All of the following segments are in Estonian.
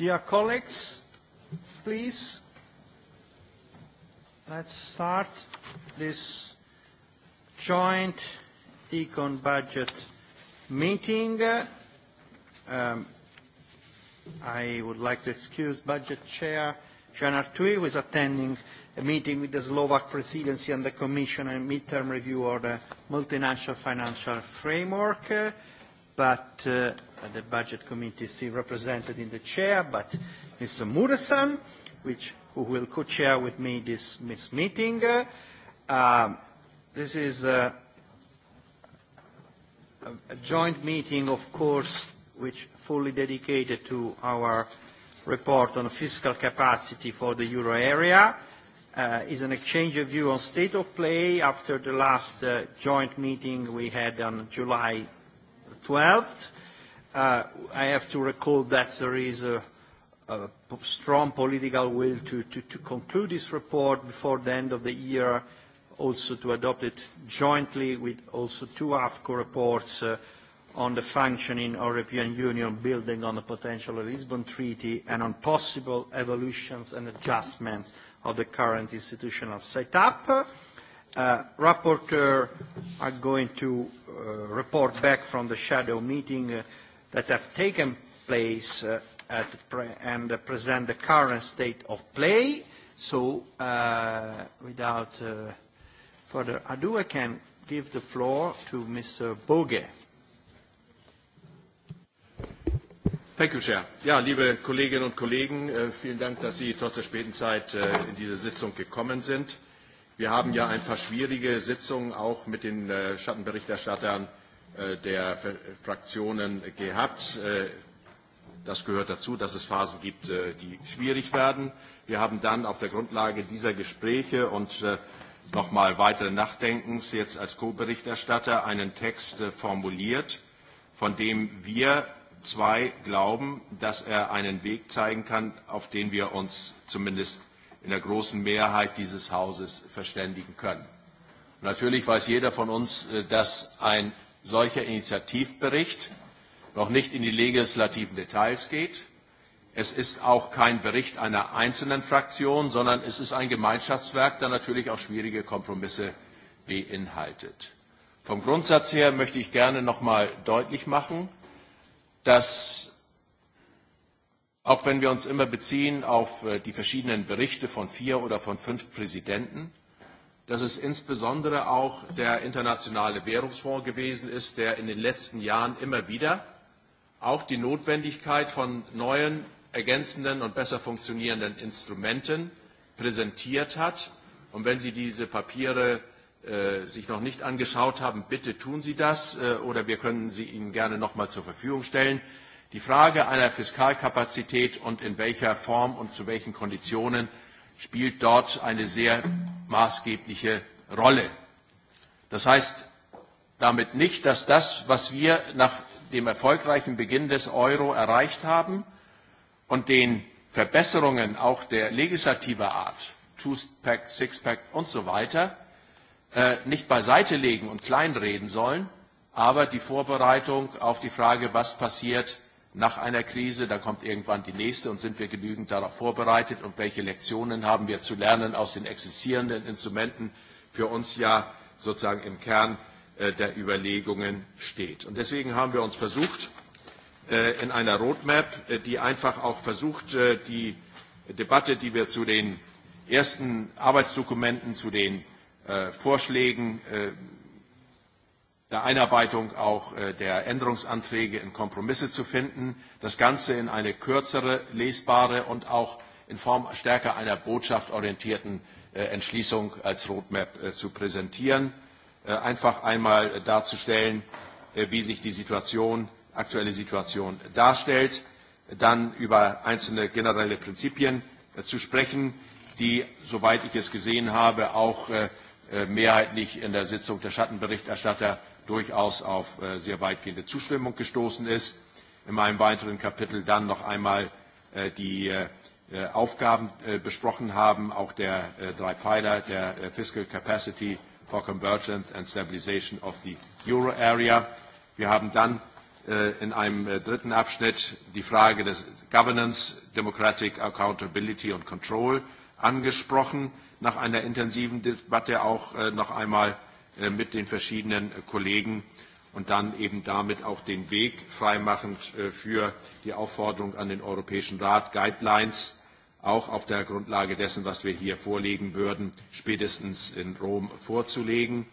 Dear colleagues, please, let's start this joint econ budget meeting. Um, I would like to excuse Budget Chair Jean Arthuis, who is attending a meeting with the Slovak presidency and the Commission on midterm review of the multinational financial framework. But uh, at the budget committee see represented in the chair, but Mr. Muresan, which, who will co-chair with me this, this meeting. Uh, um, this is uh, a, a joint meeting, of course, which fully dedicated to our report on fiscal capacity for the euro area. Uh, is an exchange of view on state of play after the last uh, joint meeting we had on July 12th. Uh, I have to recall that there is a, a strong political will to, to, to conclude this report before the end of the year, also to adopt it jointly with also two AFCO reports uh, on the functioning of European Union building on the potential of the Lisbon Treaty and on possible evolutions and adjustments of the current institutional setup. Uh, rapporteur are going to uh, report back from the shadow meeting uh, that have taken place uh, at pre and uh, present the current state of play. So uh, without uh, further ado, I can give the floor to Mr. Boge. Thank you, Chair. Ja, liebe Kolleginnen und Kollegen, äh, vielen Dank, dass Sie trotz der späten Zeit äh, in diese Sitzung gekommen sind. Wir haben ja ein paar schwierige Sitzungen auch mit den äh, Schattenberichterstattern Äh, der Fraktionen gehabt. Äh, das gehört dazu, dass es Phasen gibt, äh, die schwierig werden. Wir haben dann auf der Grundlage dieser Gespräche und nochmal weiteren Nachdenkens jetzt als Co-Berichterstatter einen Text formuliert, von dem wir zwei glauben, dass er einen Weg zeigen kann, auf den wir uns zumindest in der großen Mehrheit dieses Hauses verständigen können. Natürlich weiß jeder von uns, dass ein solcher Initiativbericht noch nicht in die legislativen Details geht. Es ist auch kein Bericht einer einzelnen Fraktion, sondern es ist ein Gemeinschaftswerk, das natürlich auch schwierige Kompromisse beinhaltet. Vom Grundsatz her möchte ich gerne noch mal deutlich machen, dass auch wenn wir uns immer beziehen auf äh, die verschiedenen Berichte von vier oder von fünf Präsidenten, dass es insbesondere auch der internationale Währungsfonds gewesen ist, der in den letzten Jahren immer wieder auch die Notwendigkeit von neuen, ergänzenden und besser funktionierenden Instrumenten präsentiert hat. Und wenn Sie diese Papiere äh, sich noch nicht angeschaut haben, bitte tun Sie das äh, oder wir können sie Ihnen gerne nochmal zur Verfügung stellen. Die Frage einer Fiskalkapazität und in welcher Form und zu welchen Konditionen spielt dort eine sehr maßgebliche Rolle. Das heißt damit nicht, dass das, was wir nach dem erfolgreichen Beginn des Euro erreicht haben und den Verbesserungen auch der legislativer Art, Two-Pack, Six-Pack und so weiter, äh, nicht beiseite legen und kleinreden sollen, aber die Vorbereitung auf die Frage, was passiert, nach einer Krise, da kommt irgendwann die nächste und sind wir genügend darauf vorbereitet und welche Lektionen haben wir zu lernen aus den existierenden Instrumenten für uns ja sozusagen im Kern äh, der Überlegungen steht. Und deswegen haben wir uns versucht, äh, in einer Roadmap, äh, die einfach auch versucht, äh, die Debatte, die wir zu den ersten Arbeitsdokumenten, zu den äh, Vorschlägen äh, der Einarbeitung auch äh, der Änderungsanträge in Kompromisse zu finden, das Ganze in eine kürzere, lesbare und auch in Form stärker einer Botschaft orientierten äh, Entschließung als Roadmap äh, zu präsentieren, einfach einmal darzustellen, wie sich die Situation, aktuelle Situation darstellt, dann über einzelne generelle Prinzipien zu sprechen, die, soweit ich es gesehen habe, auch mehrheitlich in der Sitzung der Schattenberichterstatter durchaus auf äh, sehr weitgehende Zustimmung gestoßen ist. In meinem weiteren Kapitel dann noch einmal äh, die äh, äh, Aufgaben äh, besprochen haben, auch der äh, drei Pfeiler der äh, Fiscal Capacity for Convergence and Stabilization of the Euro Area. Wir haben dann äh, in einem äh, dritten Abschnitt die Frage des Governance, Democratic Accountability und Control angesprochen, nach einer intensiven Debatte auch äh, noch einmal Äh, mit den verschiedenen äh, Kollegen und dann eben damit auch den Weg freimachend äh, für die Aufforderung an den Europäischen Rat, Guidelines auch auf der Grundlage dessen, was wir hier vorlegen würden, spätestens in Rom vorzulegen,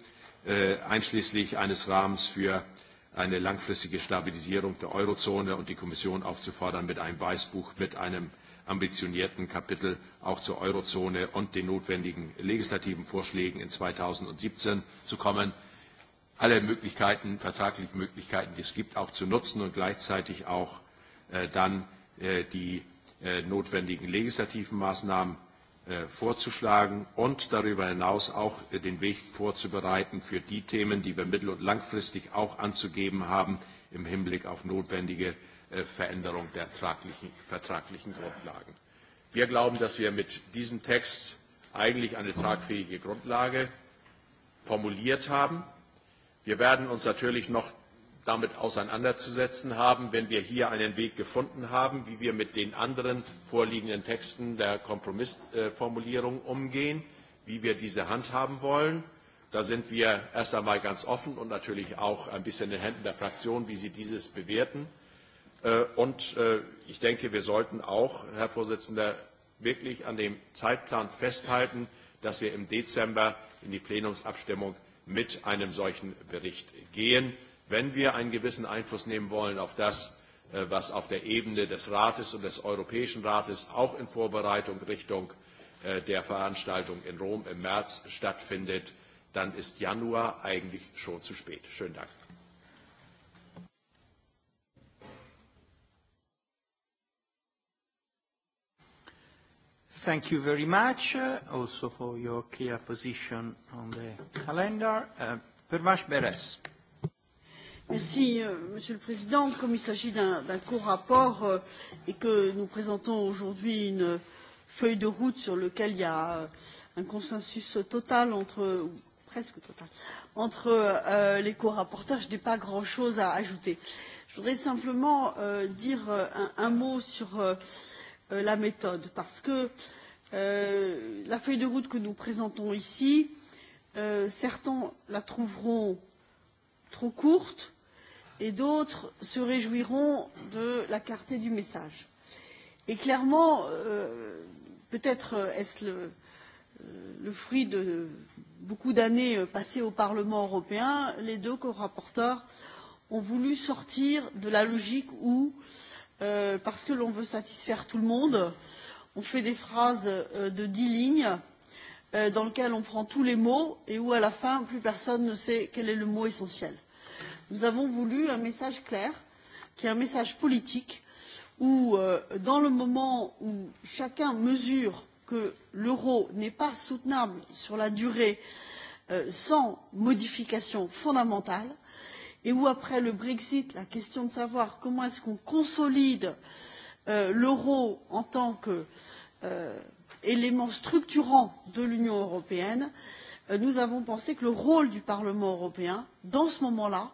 einschließlich eines Rahmens für eine langfristige Stabilisierung der Eurozone und die Kommission aufzufordern, mit einem Weißbuch, mit einem ambitionierten Kapitel auch zur Eurozone und den notwendigen legislativen Vorschlägen in 2017 zu kommen. Alle Möglichkeiten, vertraglichen Möglichkeiten, die es gibt, auch zu nutzen und gleichzeitig auch äh, dann äh, die äh, notwendigen legislativen Maßnahmen äh, vorzuschlagen und darüber hinaus auch äh, den Weg vorzubereiten für die Themen, die wir mittel- und langfristig auch anzugeben haben im Hinblick auf notwendige Äh, Veränderung der vertraglichen, vertraglichen Grundlagen. Wir glauben, dass wir mit diesem Text eigentlich eine tragfähige Grundlage formuliert haben. Wir werden uns natürlich noch damit auseinanderzusetzen haben, wenn wir hier einen Weg gefunden haben, wie wir mit den anderen vorliegenden Texten der Kompromissformulierung äh, umgehen, wie wir diese handhaben wollen. Da sind wir erst einmal ganz offen und natürlich auch ein bisschen in den Händen der Fraktion, wie sie dieses bewerten. Äh, und äh, ich denke, wir sollten auch, Herr Vorsitzender, wirklich an dem Zeitplan festhalten, dass wir im Dezember in die Plenumsabstimmung mit einem solchen Bericht gehen. Wenn wir einen gewissen Einfluss nehmen wollen auf das, äh, was auf der Ebene des Rates und des Europäischen Rates auch in Vorbereitung Richtung der Veranstaltung in Rom im März stattfindet, dann ist Januar eigentlich schon zu spät. Schönen Dank. Thank you very much uh, also for your clear position on the calendar. Uh, Pervash Beres. Merci, euh, Monsieur le Président. Comme il s'agit d'un co-rapport euh, et que nous présentons aujourd'hui une feuille de route sur laquelle il y a euh, un consensus total entre, ou presque total, entre euh, les co-rapporteurs, je n'ai pas grand-chose à ajouter. Je voudrais simplement euh, dire euh, un, un mot sur euh, euh, la méthode parce que euh, la feuille de route que nous présentons ici, euh, certains la trouveront trop courte et d'autres se réjouiront de la clarté du message. Et clairement, euh, peut-être est-ce le, euh, le fruit de beaucoup d'années euh, passées au Parlement européen, les deux corapporteurs ont voulu sortir de la logique où euh, euh, parce que l'on veut satisfaire tout le monde. On fait des phrases euh, de dix lignes euh, dans lesquelles on prend tous les mots et où à la fin, plus personne ne sait quel est le mot essentiel. Nous avons voulu un message clair, qui est un message politique, où euh, dans le moment où chacun mesure que l'euro n'est pas soutenable sur la durée euh, sans modification fondamentale, et où après le brexit la question de savoir comment est ce qu'on consolide euh, l'euro en tant qu'élément euh, structurant de l'union européenne euh, nous avons pensé que le rôle du parlement européen dans ce moment là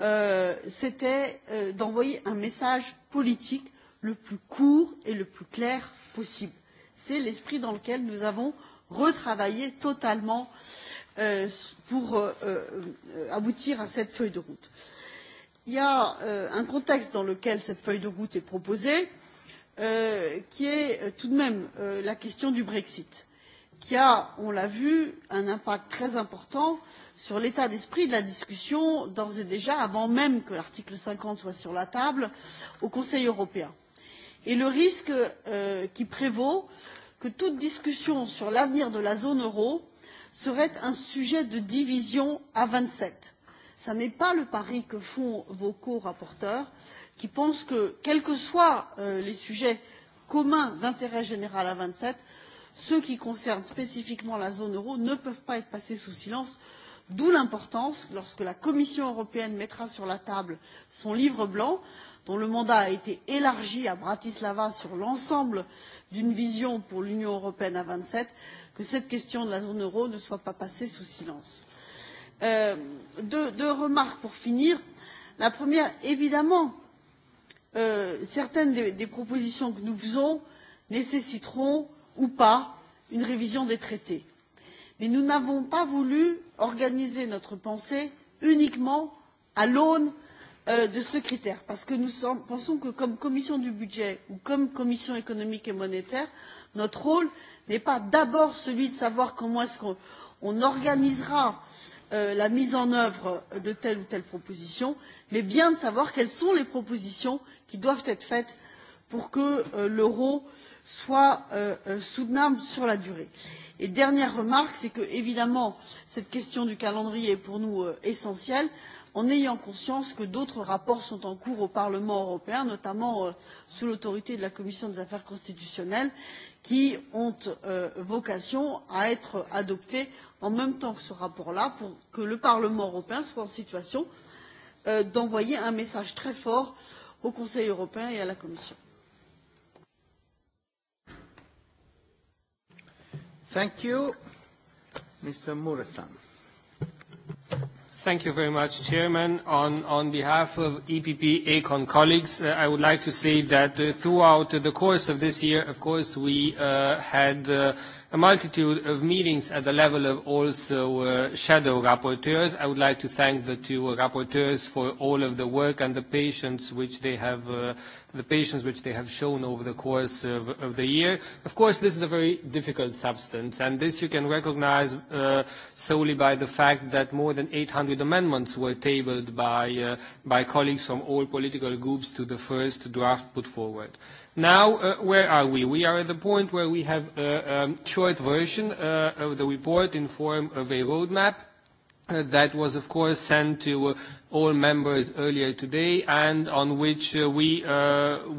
euh, c'était euh, d'envoyer un message politique le plus court et le plus clair possible. c'est l'esprit dans lequel nous avons retravaillé totalement euh, euh, pour euh, euh, aboutir à cette feuille de route. Il y a euh, un contexte dans lequel cette feuille de route est proposée, euh, qui est euh, tout de même euh, la question du Brexit, qui a, on l'a vu, un impact très important sur l'état d'esprit de la discussion d'ores et déjà, avant même que l'article cinquante soit sur la table, au Conseil européen. Et le risque euh, qui prévaut que toute discussion sur l'avenir de la zone euro serait un sujet de division à vingt sept ce n'est pas le pari que font vos corapporteurs qui pensent que quels que soient euh, les sujets communs d'intérêt général à vingt sept ceux qui concernent spécifiquement la zone euro ne peuvent pas être passés sous silence d'où l'importance lorsque la commission européenne mettra sur la table son livre blanc dont le mandat a été élargi à bratislava sur l'ensemble d'une vision pour l'union européenne à vingt sept que cette question de la zone euro ne soit pas passée sous silence. Euh, deux, deux remarques pour finir. La première, évidemment, euh, certaines des, des propositions que nous faisons nécessiteront ou pas une révision des traités. Mais nous n'avons pas voulu organiser notre pensée uniquement à l'aune euh, de ce critère parce que nous sommes, pensons que comme commission du budget ou comme commission économique et monétaire notre rôle n'est pas d'abord celui de savoir comment est-ce qu'on on organisera euh, la mise en œuvre de telle ou telle proposition, mais bien de savoir quelles sont les propositions qui doivent être faites pour que euh, l'euro soit euh, euh, soutenable sur la durée. Et dernière remarque, c'est que, évidemment, cette question du calendrier est pour nous euh, essentielle, en ayant conscience que d'autres rapports sont en cours au Parlement européen, notamment euh, sous l'autorité de la Commission des affaires constitutionnelles, qui ont euh, vocation à être adoptés en même temps que ce rapport là pour que le Parlement européen soit en situation euh, d'envoyer un message très fort au Conseil européen et à la Commission. Thank you, Mr. Muresan. Thank you very much, Chairman. On, on behalf of EPP Aecon colleagues, uh, I would like to say that uh, throughout the course of this year, of course, we uh, had uh, a multitude of meetings at the level of also uh, shadow rapporteurs. I would like to thank the two rapporteurs for all of the work and the patience which they have uh, the patience which they have shown over the course of, of the year. Of course, this is a very difficult substance, and this you can recognize uh, solely by the fact that more than 800 amendments were tabled by, uh, by colleagues from all political groups to the first draft put forward. Now, uh, where are we? We are at the point where we have a uh, um, short version uh, of the report in form of a roadmap. Uh, that was, of course, sent to uh, all members earlier today, and on which uh, we,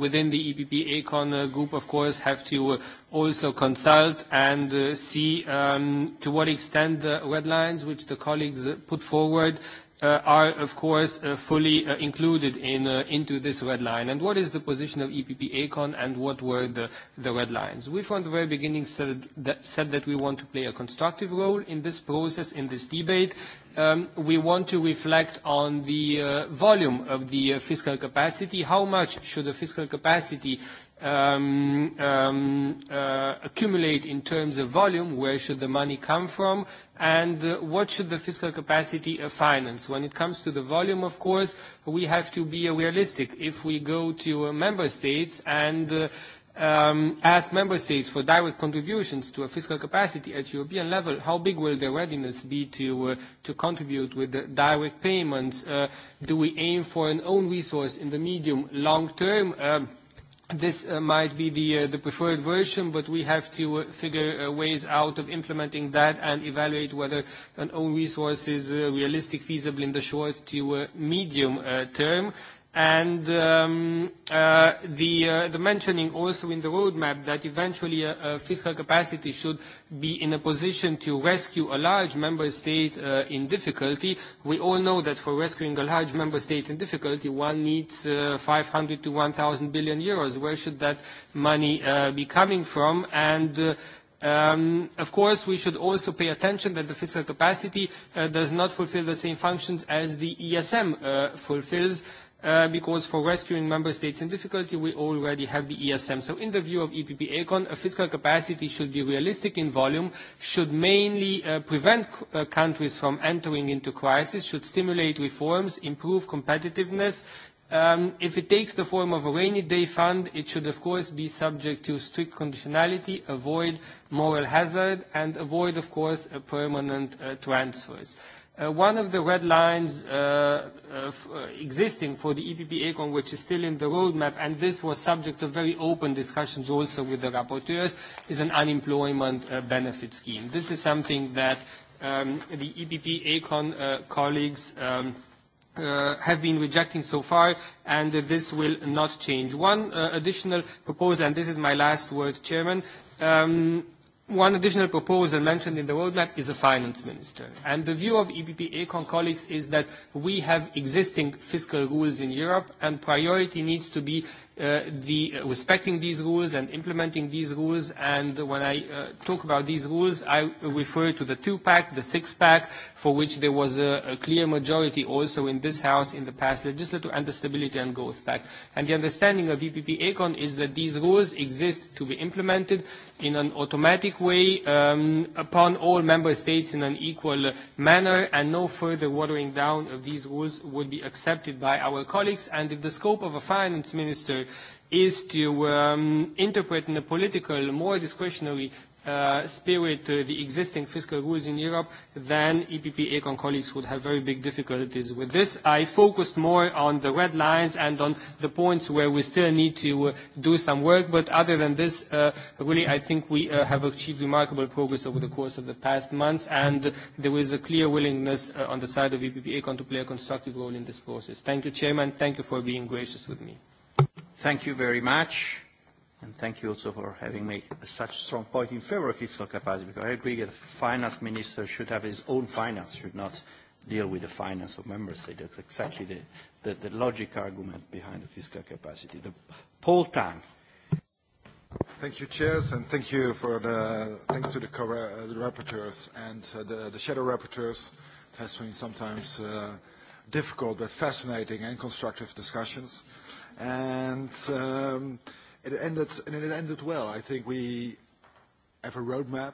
within the EPP Econ group, of course, have to also consult and see um, to what extent the red lines which the colleagues put forward Uh, are, of course, uh, fully uh, included in, into this red line. And what is the position of EPP Aecon, and what were the, the red lines? We, from the very beginning, said that, said that we want to play a constructive role in this process, in this debate, Um, we want to reflect on the uh, volume of the uh, fiscal capacity. How much should the fiscal capacity um, um, uh, accumulate in terms of volume? Where should the money come from? And uh, what should the fiscal capacity finance? When it comes to the volume, of course, we have to be realistic. If we go to uh, member states and uh, Um, ask member states for direct contributions to a fiscal capacity at European level, how big will their readiness be to, uh, to contribute with the direct payments? Uh, do we aim for an own resource in the medium long term? Um, this uh, might be the, uh, the preferred version, but we have to uh, figure uh, ways out of implementing that and evaluate whether an own resource is uh, realistic, feasible in the short to uh, medium term. And um, uh, the, uh, the mentioning also in the roadmap that eventually uh, uh, fiscal capacity should be in a position to rescue a large member state uh, in difficulty. We all know that for rescuing a large member state in difficulty, one needs uh, 500 to 1,000 billion euros. Where should that money uh, be coming from? And uh, Um, of course, we should also pay attention that the fiscal capacity uh, does not fulfill the same functions as the ESM uh, fulfills, Uh, because for rescuing member states in difficulty, we already have the ESM. So in the view of EPP Econ, a fiscal capacity should be realistic in volume, should mainly uh, prevent uh, countries from entering into crisis, should stimulate reforms, improve competitiveness. Um, if it takes the form of a rainy day fund, it should of course be subject to strict conditionality, avoid moral hazard, and avoid of course permanent uh, transfers. Uh, Uh, one of the red lines uh, uh, uh existing for the EPP Econ, which is still in the roadmap, and this was subject to very open discussions also with the rapporteurs, is an unemployment uh, benefit scheme. This is something that um, the EPP Econ uh, colleagues um, Uh, have been rejecting so far, and uh, this will not change. One uh, additional proposal, and this is my last word, Chairman. Um, One additional proposal mentioned in the roadmap is a finance minister. And the view of EPP Econ colleagues is that we have existing fiscal rules in Europe and priority needs to be uh, the uh, respecting these rules and implementing these rules. And when I uh, talk about these rules, I refer to the two-pack, the six-pack, for which there was a, a clear majority also in this House in the past legislature, and the Stability and Growth Pact. And the understanding of EPP ECON is that these rules exist to be implemented in an automatic way um, upon all member states in an equal manner, and no further watering down of these rules would be accepted by our colleagues. And if the scope of a finance minister is to um, interpret in a political, more discretionary uh, spirit uh, the existing fiscal rules in Europe, then EPP ECON colleagues would have very big difficulties with this. I focused more on the red lines and on the points where we still need to uh, do some work, but other than this, uh, really I think we uh, have achieved remarkable progress over the course of the past months, and there is a clear willingness uh, on the side of EPP ECON to play a constructive role in this process. Thank you, Chairman. Thank you for being gracious with me. Thank you very much. And thank you also for having made such strong point in favor of fiscal capacity, because I agree that the finance minister should have his own finance, should not deal with the finance of member states. That's exactly the, the, the logic argument behind the fiscal capacity. The, Paul Tang. Thank you, chairs, and thank you for the thanks to the, cover, uh, the rapporteurs and uh, the, the shadow rapporteurs. It has been sometimes uh, difficult but fascinating and constructive discussions. Uh, And um, it ended, and it ended well. I think we have a roadmap,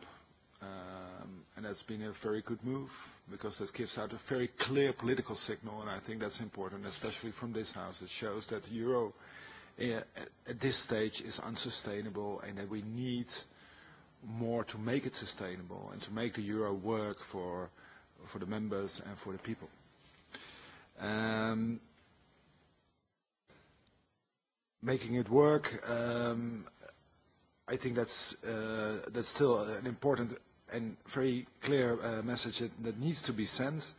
um, and that's been a very good move because this gives out a very clear political signal, and I think that's important, especially from this house. It shows that the euro uh, at this stage is unsustainable and that we need more to make it sustainable and to make the euro work for, for the members and for the people. Um, making it work. Um, I think that's, uh, that's still an important and very clear uh, message that, that needs to be sent.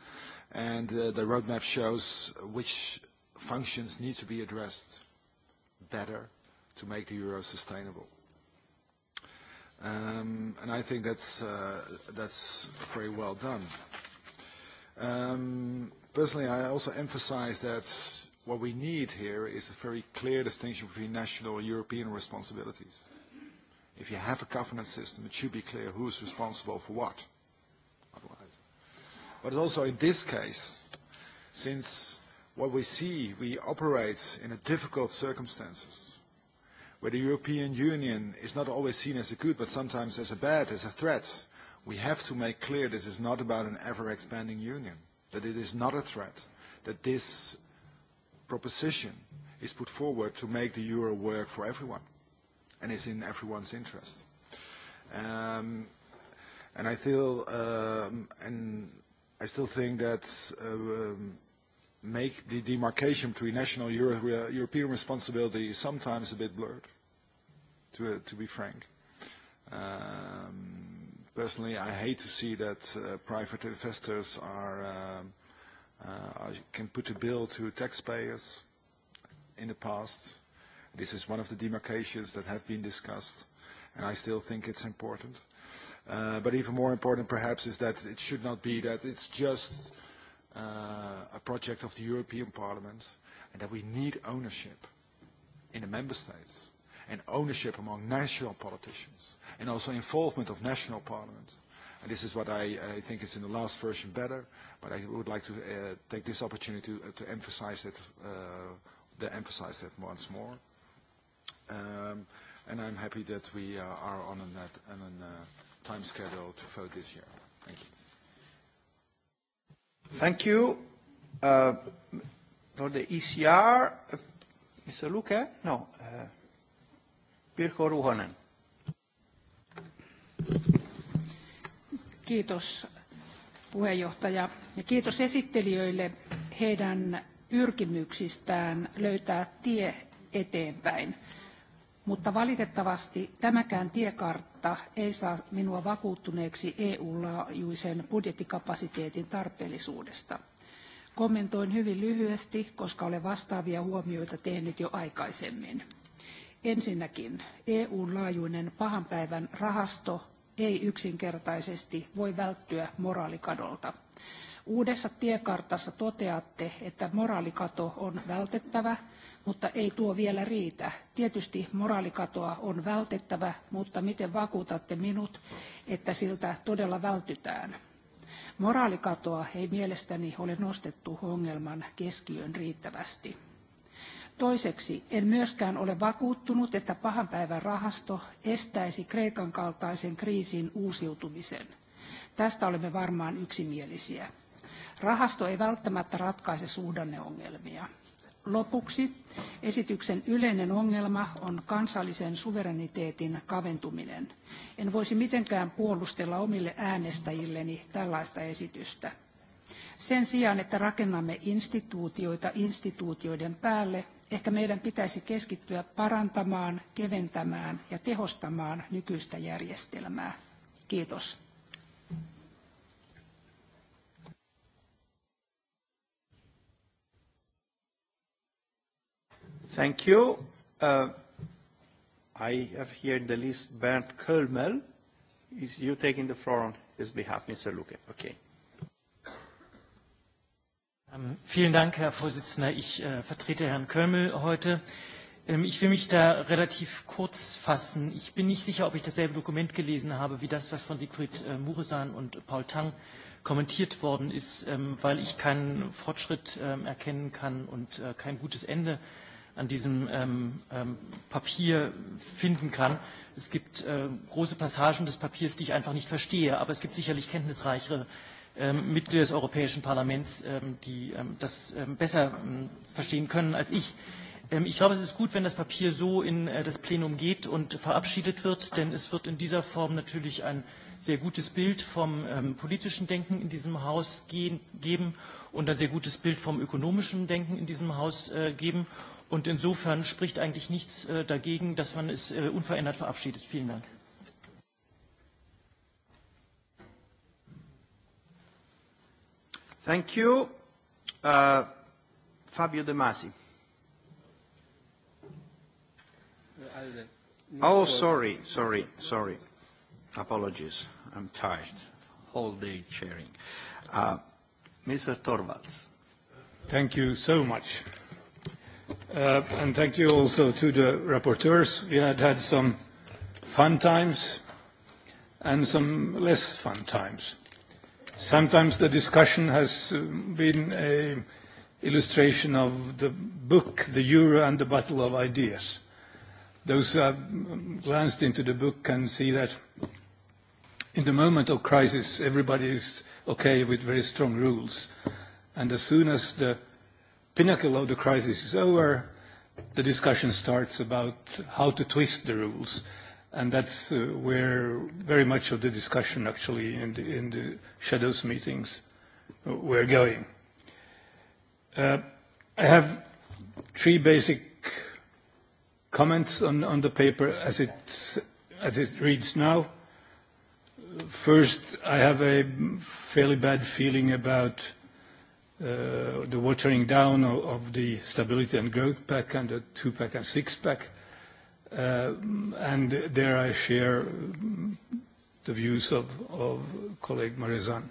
And uh, the roadmap shows which functions need to be addressed better to make the euro sustainable. Um, and I think that's, uh, that's very well done. Um, personally, I also emphasize that what we need here is a very clear distinction between national and European responsibilities. If you have a governance system, it should be clear who's responsible for what. Otherwise. But also in this case, since what we see, we operate in a difficult circumstances, where the European Union is not always seen as a good, but sometimes as a bad, as a threat, we have to make clear this is not about an ever-expanding union, that it is not a threat, that this proposition is put forward to make the euro work for everyone and is in everyone's interest. Um, and I feel, um, and I still think that uh, um, make the demarcation between national Euro uh, European responsibility is sometimes a bit blurred, to, uh, to be frank. Um, personally, I hate to see that uh, private investors are um, Uh, I can put a bill to taxpayers in the past. This is one of the demarcations that have been discussed, and I still think it's important. Uh, but even more important, perhaps, is that it should not be that it's just uh, a project of the European Parliament, and that we need ownership in the member states, and ownership among national politicians, and also involvement of national parliaments. And this is what I, I think is in the last version better, uh, But I would like to uh, take this opportunity to, uh, to emphasize that, uh, to emphasize that once more. Um, and I'm happy that we uh, are on a, on a uh, time schedule to vote this year. Thank you. Thank you. Uh, for the ECR, uh, Mr. Luque? No. Uh, Pirkko Ruhonen. Kiitos puheenjohtaja ja kiitos esittelijöille heidän pyrkimyksistään löytää tie eteenpäin. Mutta valitettavasti tämäkään tiekartta ei saa minua vakuuttuneeksi EU-laajuisen budjettikapasiteetin tarpeellisuudesta. Kommentoin hyvin lyhyesti, koska olen vastaavia huomioita tehnyt jo aikaisemmin. Ensinnäkin EUn laajuinen pahan päivän rahasto ei yksinkertaisesti voi välttyä moraalikadolta. Uudessa tiekartassa toteatte, että moraalikato on vältettävä, mutta ei tuo vielä riitä. Tietysti moraalikatoa on vältettävä, mutta miten vakuutatte minut, että siltä todella vältytään? Moraalikatoa ei mielestäni ole nostettu ongelman keskiöön riittävästi. Toiseksi en myöskään ole vakuuttunut, että pahan päivän rahasto estäisi Kreikan kaltaisen kriisin uusiutumisen. Tästä olemme varmaan yksimielisiä. Rahasto ei välttämättä ratkaise suhdanneongelmia. Lopuksi esityksen yleinen ongelma on kansallisen suvereniteetin kaventuminen. En voisi mitenkään puolustella omille äänestäjilleni tällaista esitystä. Sen sijaan, että rakennamme instituutioita instituutioiden päälle, Ehkä meidän pitäisi keskittyä parantamaan, keventämään ja tehostamaan nykyistä järjestelmää. Kiitos. Thank you. Uh, I have here the list Bernd Kölmel. Is you taking the floor on his behalf, Mr. Lucke? Okay. Ähm, vielen Dank, Herr Vorsitzender. Ich äh, vertrete Herrn Kölmel heute. Ähm, ich will mich da relativ kurz fassen. Ich bin nicht sicher, ob ich dasselbe Dokument gelesen habe wie das, was von Siegfried äh, Muresan und Paul Tang kommentiert worden ist, ähm, weil ich keinen Fortschritt ähm, erkennen kann und äh, kein gutes Ende an diesem ähm, ähm, Papier finden kann. Es gibt äh, große Passagen des Papiers, die ich einfach nicht verstehe, aber es gibt sicherlich kenntnisreichere äh, ähm, Mitglieder des Europäischen Parlaments, ähm, die ähm, das ähm, besser ähm, verstehen können als ich. Ähm, ich glaube, es ist gut, wenn das Papier so in äh, das Plenum geht und verabschiedet wird, denn es wird in dieser Form natürlich ein sehr gutes Bild vom ähm, politischen Denken in diesem Haus gehen, geben und ein sehr gutes Bild vom ökonomischen Denken in diesem Haus äh, geben. Und insofern spricht eigentlich nichts äh, dagegen, dass man es äh, unverändert verabschiedet. Vielen Dank. Thank you. Uh, Fabio De Masi. Oh, sorry, sorry, sorry. Apologies. I'm tired. Whole day chairing. Uh, Mr. Torvalds. Thank you so much. Uh, and thank you also to the rapporteurs. We had had some fun times and some less fun times. Sometimes the discussion has uh, been an illustration of the book, The Euro and the Battle of Ideas. Those who have um, glanced into the book can see that in the moment of crisis, everybody is okay with very strong rules. And as soon as the pinnacle of the crisis is over, the discussion starts about how to twist the rules. Uh, and that's uh, where very much of the discussion actually in the, in the shadows meetings uh, we're going. Uh, I have three basic comments on, on the paper as it, as it reads now. First, I have a fairly bad feeling about uh, the watering down of, of the stability and growth pack and the two pack and six pack Uh, and there I share the views of, of colleague Marizan.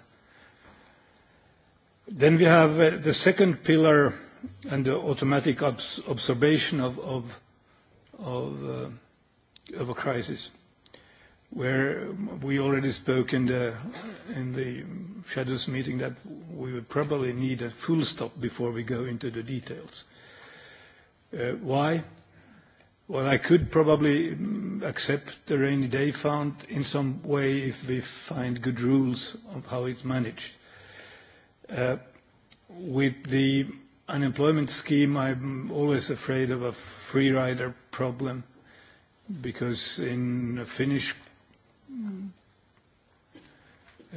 Then we have uh, the second pillar and the automatic obs observation of, of, of, uh, of a crisis, where we already spoke in the, in the shadows meeting that we would probably need a full stop before we go into the details. Uh, why? Well, I could probably mm, accept the rainy day fund in some way if we find good rules of how it's managed. Uh, with the unemployment scheme, I'm always afraid of a free rider problem because in a Finnish mm,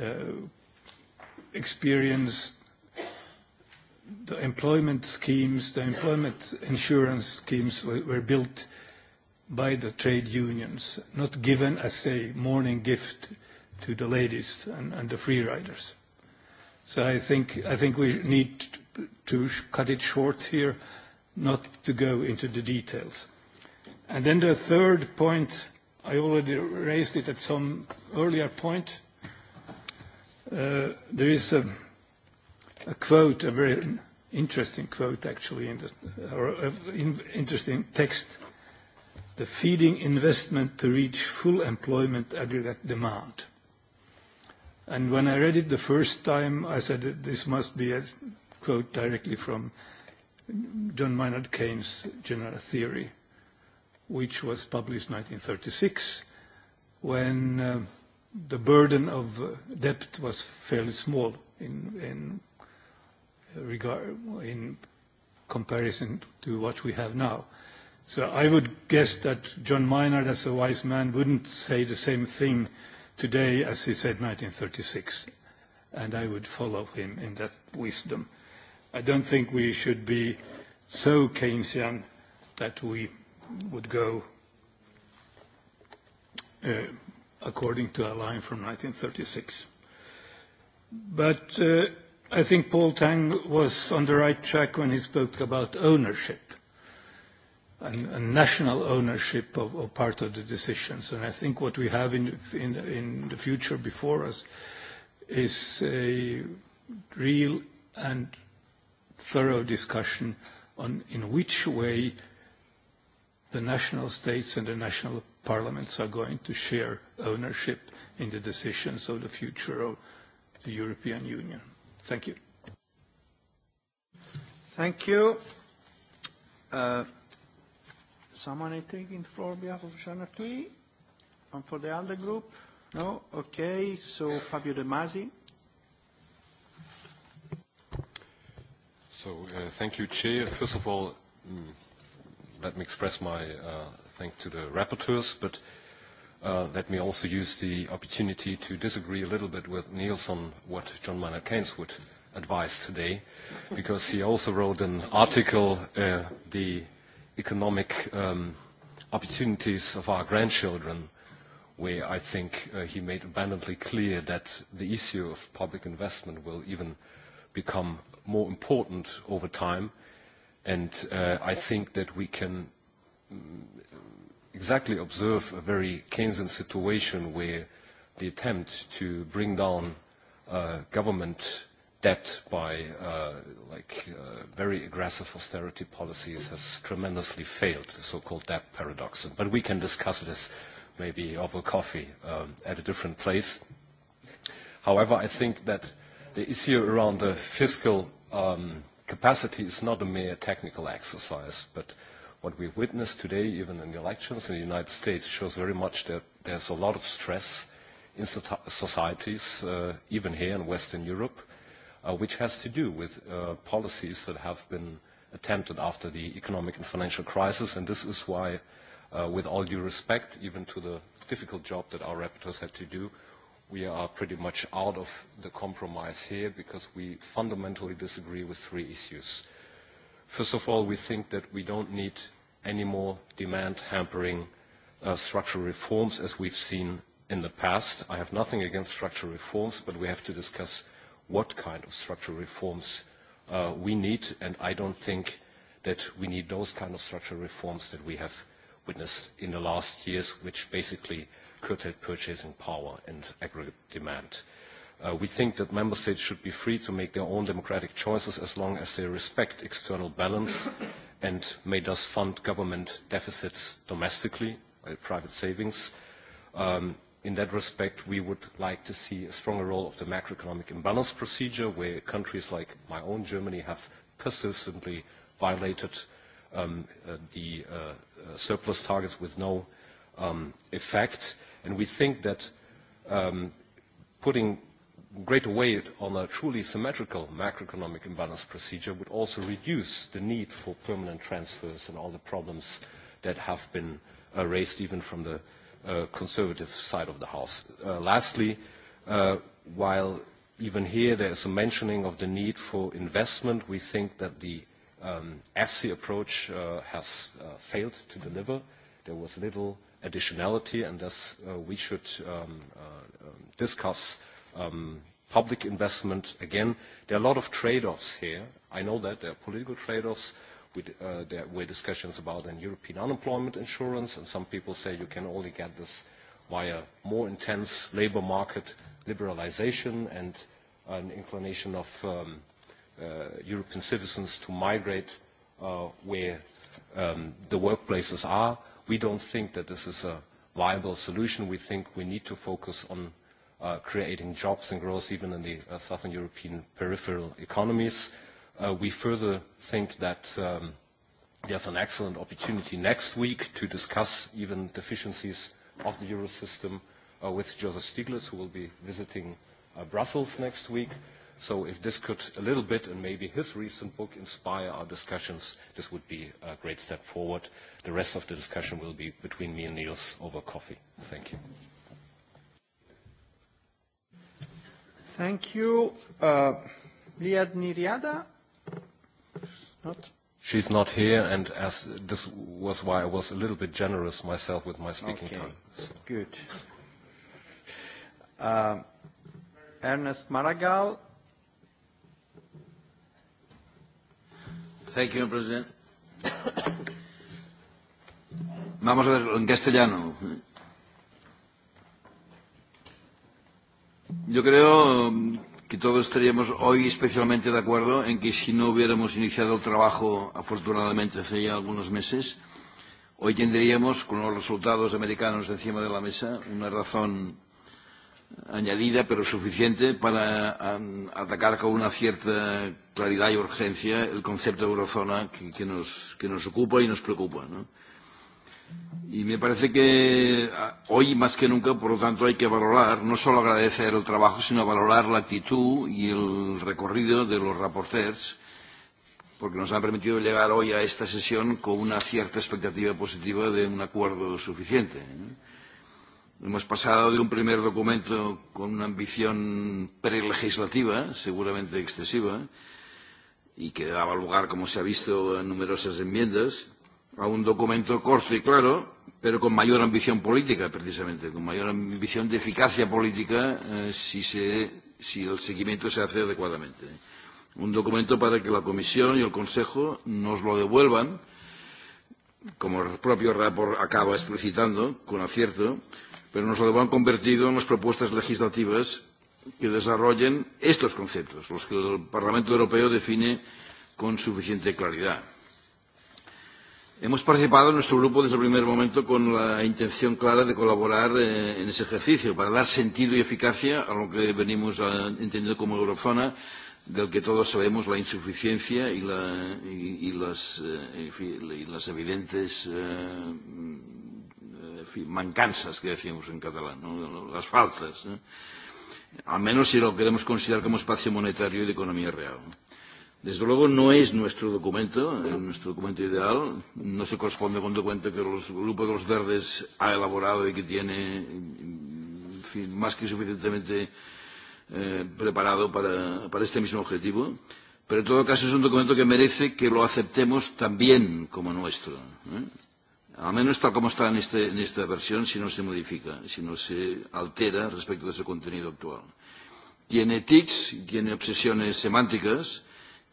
uh, experience, the employment schemes, the employment insurance schemes were, were built – by the trade unions, not given as a morning gift to the ladies and, and the free riders. So I think, I think we need to cut it short here, not to go into the details. And then the third point, I already raised it at some earlier point. Uh, there is a, a quote, a very interesting quote actually, in the, or a in, interesting text feeding investment to reach full employment aggregate demand. And when I read it the first time, I said, "This must be a quote directly from John Maynard Keynes' General Theory," which was published 1936, when uh, the burden of uh, debt was fairly small in, in, regard, in comparison to what we have now. So I would guess that John Maynard, as a wise man, wouldn't say the same thing today as he said 1936, and I would follow him in that wisdom. I don't think we should be so Keynesian that we would go uh, according to a line from 1936. But uh, I think Paul Tang was on the right track when he spoke about ownership a national ownership of, of part of the decisions. And I think what we have in, in, in the future before us is a real and thorough discussion on in which way the national states and the national parliaments are going to share ownership in the decisions of the future of the European Union. Thank you. Thank you. Uh, Someone is taking the floor on behalf of Jean Arthuis? And for the other group? No? Okay, so Fabio De Masi. So, uh, thank you, Chair. First of all, mm, let me express my uh, thanks to the rapporteurs, but uh, let me also use the opportunity to disagree a little bit with Niels on what John Maynard Keynes would advise today, because he also wrote an article, uh, the economic um, opportunities of our grandchildren, where I think uh, he made abundantly clear that the issue of public investment will even become more important over time. And uh, I think that we can um, exactly observe a very Keynesian situation where the attempt to bring down uh, government debt by uh, like uh, very aggressive austerity policies has tremendously failed, the so-called debt paradox. But we can discuss this maybe over coffee um, at a different place. However, I think that the issue around the fiscal um, capacity is not a mere technical exercise, but what we've witnessed today, even in the elections in the United States, shows very much that there's a lot of stress in societies, uh, even here in Western Europe, uh, which has to do with uh, policies that have been attempted after the economic and financial crisis. And this is why, uh, with all due respect, even to the difficult job that our rapporteurs had to do, we are pretty much out of the compromise here because we fundamentally disagree with three issues. First of all, we think that we don't need any more demand-hampering uh, structural reforms as we've seen in the past. I have nothing against structural reforms, but we have to discuss what kind of structural reforms uh, we need, and I don't think that we need those kind of structural reforms that we have witnessed in the last years, which basically curtailed purchasing power and aggregate demand. Uh, we think that member states should be free to make their own democratic choices as long as they respect external balance and may thus fund government deficits domestically, uh, private savings, um, in that respect, we would like to see a stronger role of the macroeconomic imbalance procedure, where countries like my own Germany have persistently violated um, uh, the uh, uh, surplus targets with no um, effect. And we think that um, putting greater weight on a truly symmetrical macroeconomic imbalance procedure would also reduce the need for permanent transfers and all the problems that have been uh, raised even from the uh, conservative side of the House. Uh, lastly, uh, while even here there is a mentioning of the need for investment, we think that the um, FC approach uh, has uh, failed to deliver. There was little additionality, and thus uh, we should um, uh, um, discuss um, public investment again. There are a lot of trade-offs here. I know that there are political trade-offs. Uh, We, uh, there were discussions about a European unemployment insurance, and some people say you can only get this via more intense labor market liberalization and an inclination of um, uh, European citizens to migrate uh, where um, the workplaces are. We don't think that this is a viable solution. We think we need to focus on uh, creating jobs and growth even in the uh, southern European peripheral economies. Uh, Uh, we further think that um, there's an excellent opportunity next week to discuss even deficiencies of the Eurosystem uh, with Joseph Stiglitz, who will be visiting uh, Brussels next week. So if this could a little bit, and maybe his recent book, inspire our discussions, this would be a great step forward. The rest of the discussion will be between me and Niels over coffee. Thank you. Thank you. Uh, Liad Niriada, Not? She's not here, and as this was why I was a little bit generous myself with my speaking okay. time. So. Good. Uh, Ernest Maragall. Thank you, President. Vamos a verlo en castellano. Yo creo que todos estaríamos hoy especialmente de acuerdo en que si no hubiéramos iniciado el trabajo, afortunadamente, hace ya algunos meses, hoy tendríamos, con los resultados americanos encima de la mesa, una razón añadida pero suficiente para um, atacar con una cierta claridad y urgencia el concepto de eurozona que, que, nos, que nos ocupa y nos preocupa. ¿no? Y me parece que ah, hoy más que nunca, por lo tanto, hay que valorar, no solo agradecer el trabajo, sino valorar la actitud y el recorrido de los reporters, porque nos han permitido llegar hoy a esta sesión con una cierta expectativa positiva de un acuerdo suficiente. Hemos pasado de un primer documento con una ambición prelegislativa, seguramente excesiva, y que daba lugar, como se ha visto, a numerosas enmiendas, a un documento corto y claro, pero con mayor ambición política, precisamente, con mayor ambición de eficacia política eh, si, se, si el seguimiento se hace adecuadamente. Un documento para que la Comisión y el Consejo nos lo devuelvan, como el propio rapport acaba explicitando, con acierto, pero nos lo han convertido en las propuestas legislativas que desarrollen estos conceptos, los que el Parlamento Europeo define con suficiente claridad. Hemos participado en nuestro grupo desde el primer momento con la intención clara de colaborar eh, en ese ejercicio para dar sentido y eficacia a lo que venimos a, eh, entendiendo como eurozona, del que todos sabemos la insuficiencia y, la, y, y, las, eh, en fin, y las evidentes eh, en fin, mancanzas que decíamos en catalán, ¿no? las faltas. ¿no? Al menos si lo queremos considerar como espacio monetario y de economía real. ¿no? Desde luego no es nuestro documento, eh, nuestro documento ideal, no se corresponde con un documento que los, el Grupo de los Verdes ha elaborado y que tiene en fin, más que suficientemente eh, preparado para, para este mismo objetivo, pero en todo caso es un documento que merece que lo aceptemos también como nuestro. ¿eh? Al menos tal como está en, este, en esta versión, si no se modifica, si no se altera respecto de su contenido actual. Tiene tics, tiene obsesiones semánticas,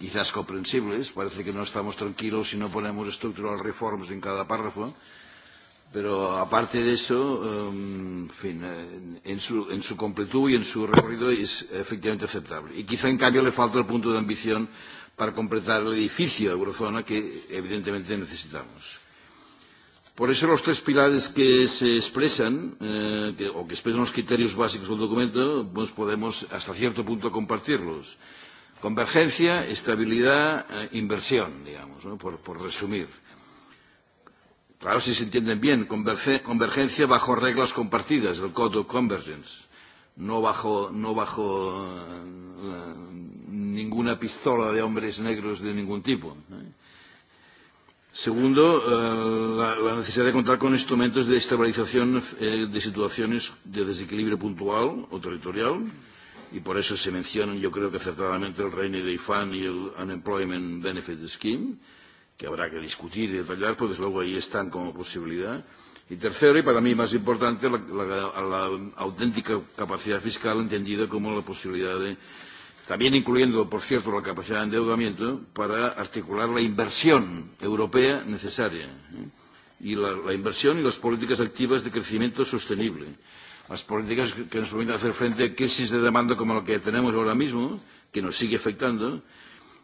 quizás comprensibles. Parece que no estamos tranquilos si no ponemos structural reforms en cada párrafo. Pero aparte de eso, um, en fin, eh, en su, en su completud y en su recorrido es efectivamente aceptable. Y quizá en cambio le falta el punto de ambición para completar el edificio de Eurozona que evidentemente necesitamos. Por eso los tres pilares que se expresan, eh, que, o que expresan los criterios básicos del documento, pues podemos hasta cierto punto compartirlos. Convergencia, estabilidad, eh, inversión, digamos, ¿no? por, por resumir. Claro, si se entienden bien, converge, convergencia bajo reglas compartidas, el Code of Convergence, no bajo, no bajo eh, ninguna pistola de hombres negros de ningún tipo. ¿eh? Segundo, eh, la, la necesidad de contar con instrumentos de estabilización eh, de situaciones de desequilibrio puntual o territorial. Eh, y por eso se mencionan, yo creo que acertadamente, el Rainy Day Fund y el Unemployment Benefit Scheme, que habrá que discutir y detallar, pero desde luego ahí están como posibilidad. Y tercero, y para mí más importante, la, la, la auténtica capacidad fiscal entendida como la posibilidad de, también incluyendo, por cierto, la capacidad de endeudamiento, para articular la inversión europea necesaria. ¿eh? Y la, la inversión y las políticas activas de crecimiento sostenible. ¿eh? las políticas que nos permitan hacer frente a crisis de demanda como la que tenemos ahora mismo, que nos sigue afectando,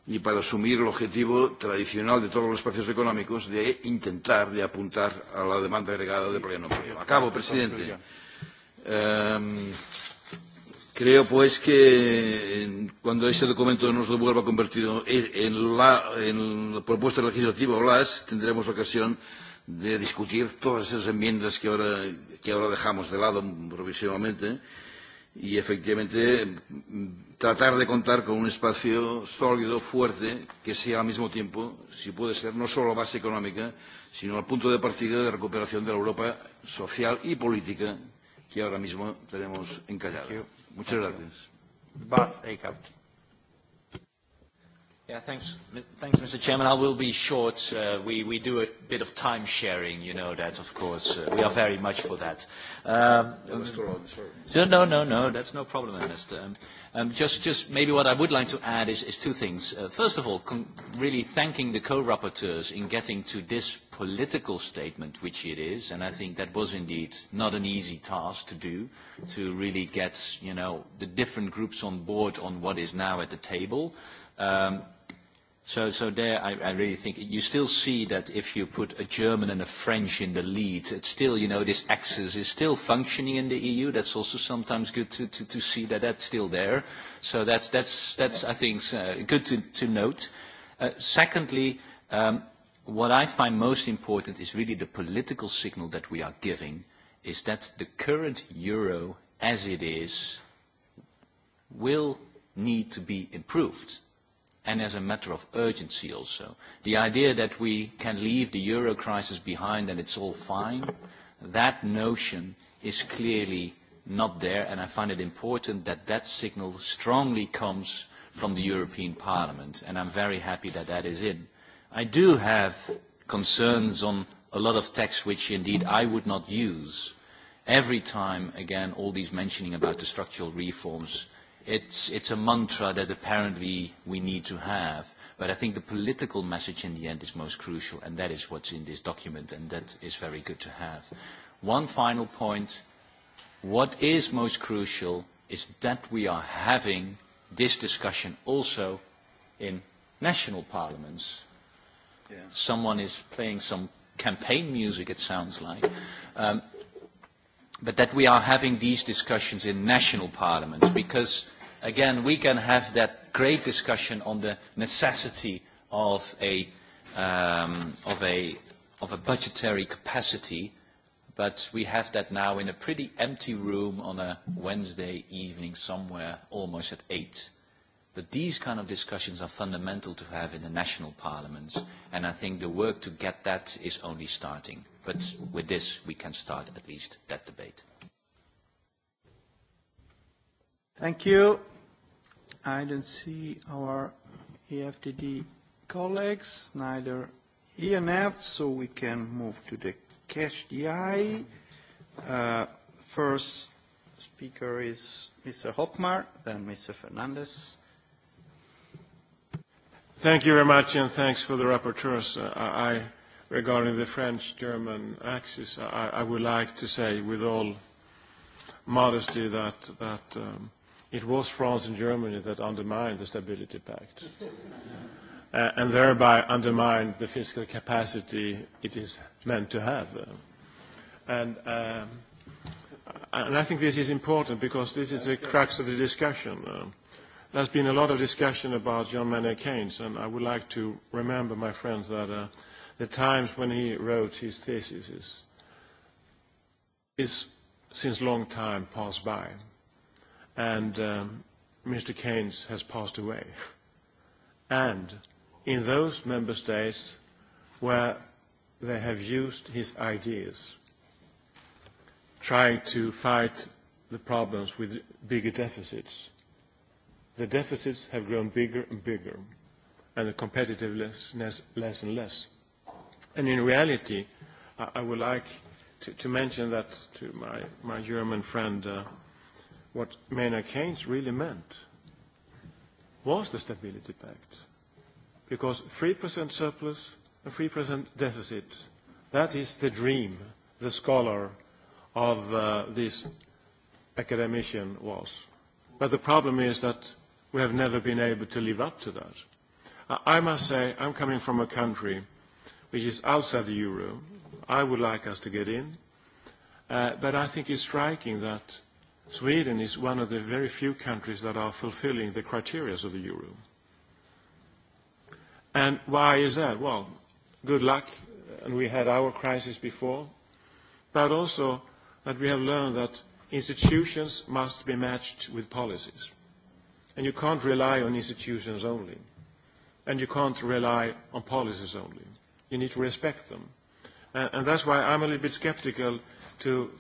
y para asumir el objetivo tradicional de todos los espacios económicos de intentar, de apuntar a la demanda agregada de pleno empleo. Acabo, presidente. Eh, creo, pues, que cuando ese documento nos lo vuelva convertido en la, en la propuesta legislativa o las, tendremos ocasión de de discutir todas esas enmiendas que ahora, que ahora dejamos de lado provisivamente y efectivamente tratar de contar con un espacio sólido, fuerte, que sea al mismo tiempo, si puede ser, no solo base económica, sino el punto de partida de recuperación de la Europa social y política que ahora mismo tenemos encallada. Muchas gracias. Bas Eichhardt. Yeah, thanks, thanks, Mr. Chairman. I will be short. Uh, we, we do a bit of time sharing, you know that, of course. Uh, we are very much for that. Um, so no, no, no, that's no problem, uh, Mr. Um, um, just, just maybe what I would like to add is, is two things. Uh, first of all, con really thanking the co-rapporteurs in getting to this political statement, which it is, and I think that was indeed not an easy task to do, to really get, you know, the different groups on board on what is now at the table. Um, So, so there, I, I really think you still see that if you put a German and a French in the lead, it's still, you know, this axis is still functioning in the EU. That's also sometimes good to, to, to see that that's still there. So that's, that's, that's I think, uh, good to, to note. Uh, secondly, um, what I find most important is really the political signal that we are giving, is that the current euro as it is will need to be improved and as a matter of urgency also. The idea that we can leave the euro crisis behind and it's all fine, that notion is clearly not there, and I find it important that that signal strongly comes from the European Parliament, and I'm very happy that that is in. I do have concerns on a lot of texts which indeed I would not use. Every time, again, all these mentioning about the structural reforms it's, it's a mantra that apparently we need to have. But I think the political message in the end is most crucial, and that is what's in this document, and that is very good to have. One final point. What is most crucial is that we are having this discussion also in national parliaments. Yeah. Someone is playing some campaign music, it sounds like. Um, but that we are having these discussions in national parliaments because, again, we can have that great discussion on the necessity of a, um, of a, of a budgetary capacity, but we have that now in a pretty empty room on a Wednesday evening somewhere almost at 8. But these kind of discussions are fundamental to have in the national parliaments, and I think the work to get that is only starting. But with this, we can start at least that debate. Thank you. I don't see our EFTD colleagues, neither ENF, so we can move to the cash DI. Uh, first speaker is Mr. Hopmar, then Mr. Fernandez. Thank you very much, and thanks for the rapporteurs. Uh, I, regarding the French-German axis, I, I would like to say with all modesty that, that um, it was France and Germany that undermined the Stability Pact, uh, and thereby undermined the fiscal capacity it is meant to have. And, um, and I think this is important because this is the crux of the discussion. Uh, There's been a lot of discussion about John Maynard Keynes, and I would like to remember, my friends, that uh, the times when he wrote his thesis is, is since long time passed by. And um, Mr. Keynes has passed away. And in those member states where they have used his ideas, trying to fight the problems with bigger deficits, the deficits have grown bigger and bigger, and the competitiveness less and less. And in reality, I, I would like to, to mention that to my, my German friend, uh, what Maynard Keynes really meant was the Stability Pact. Because 3% surplus and 3% deficit, that is the dream the scholar of uh, this academician was. But the problem is that we have never been able to live up to that. I must say, I'm coming from a country which is outside the euro. I would like us to get in. Uh, but I think it's striking that Sweden is one of the very few countries that are fulfilling the criteria of the euro. And why is that? Well, good luck, and we had our crisis before, but also that we have learned that institutions must be matched with policies. And you can't rely on institutions only. And you can't rely on policies only. You need to respect them. And, and that's why I'm a little bit skeptical to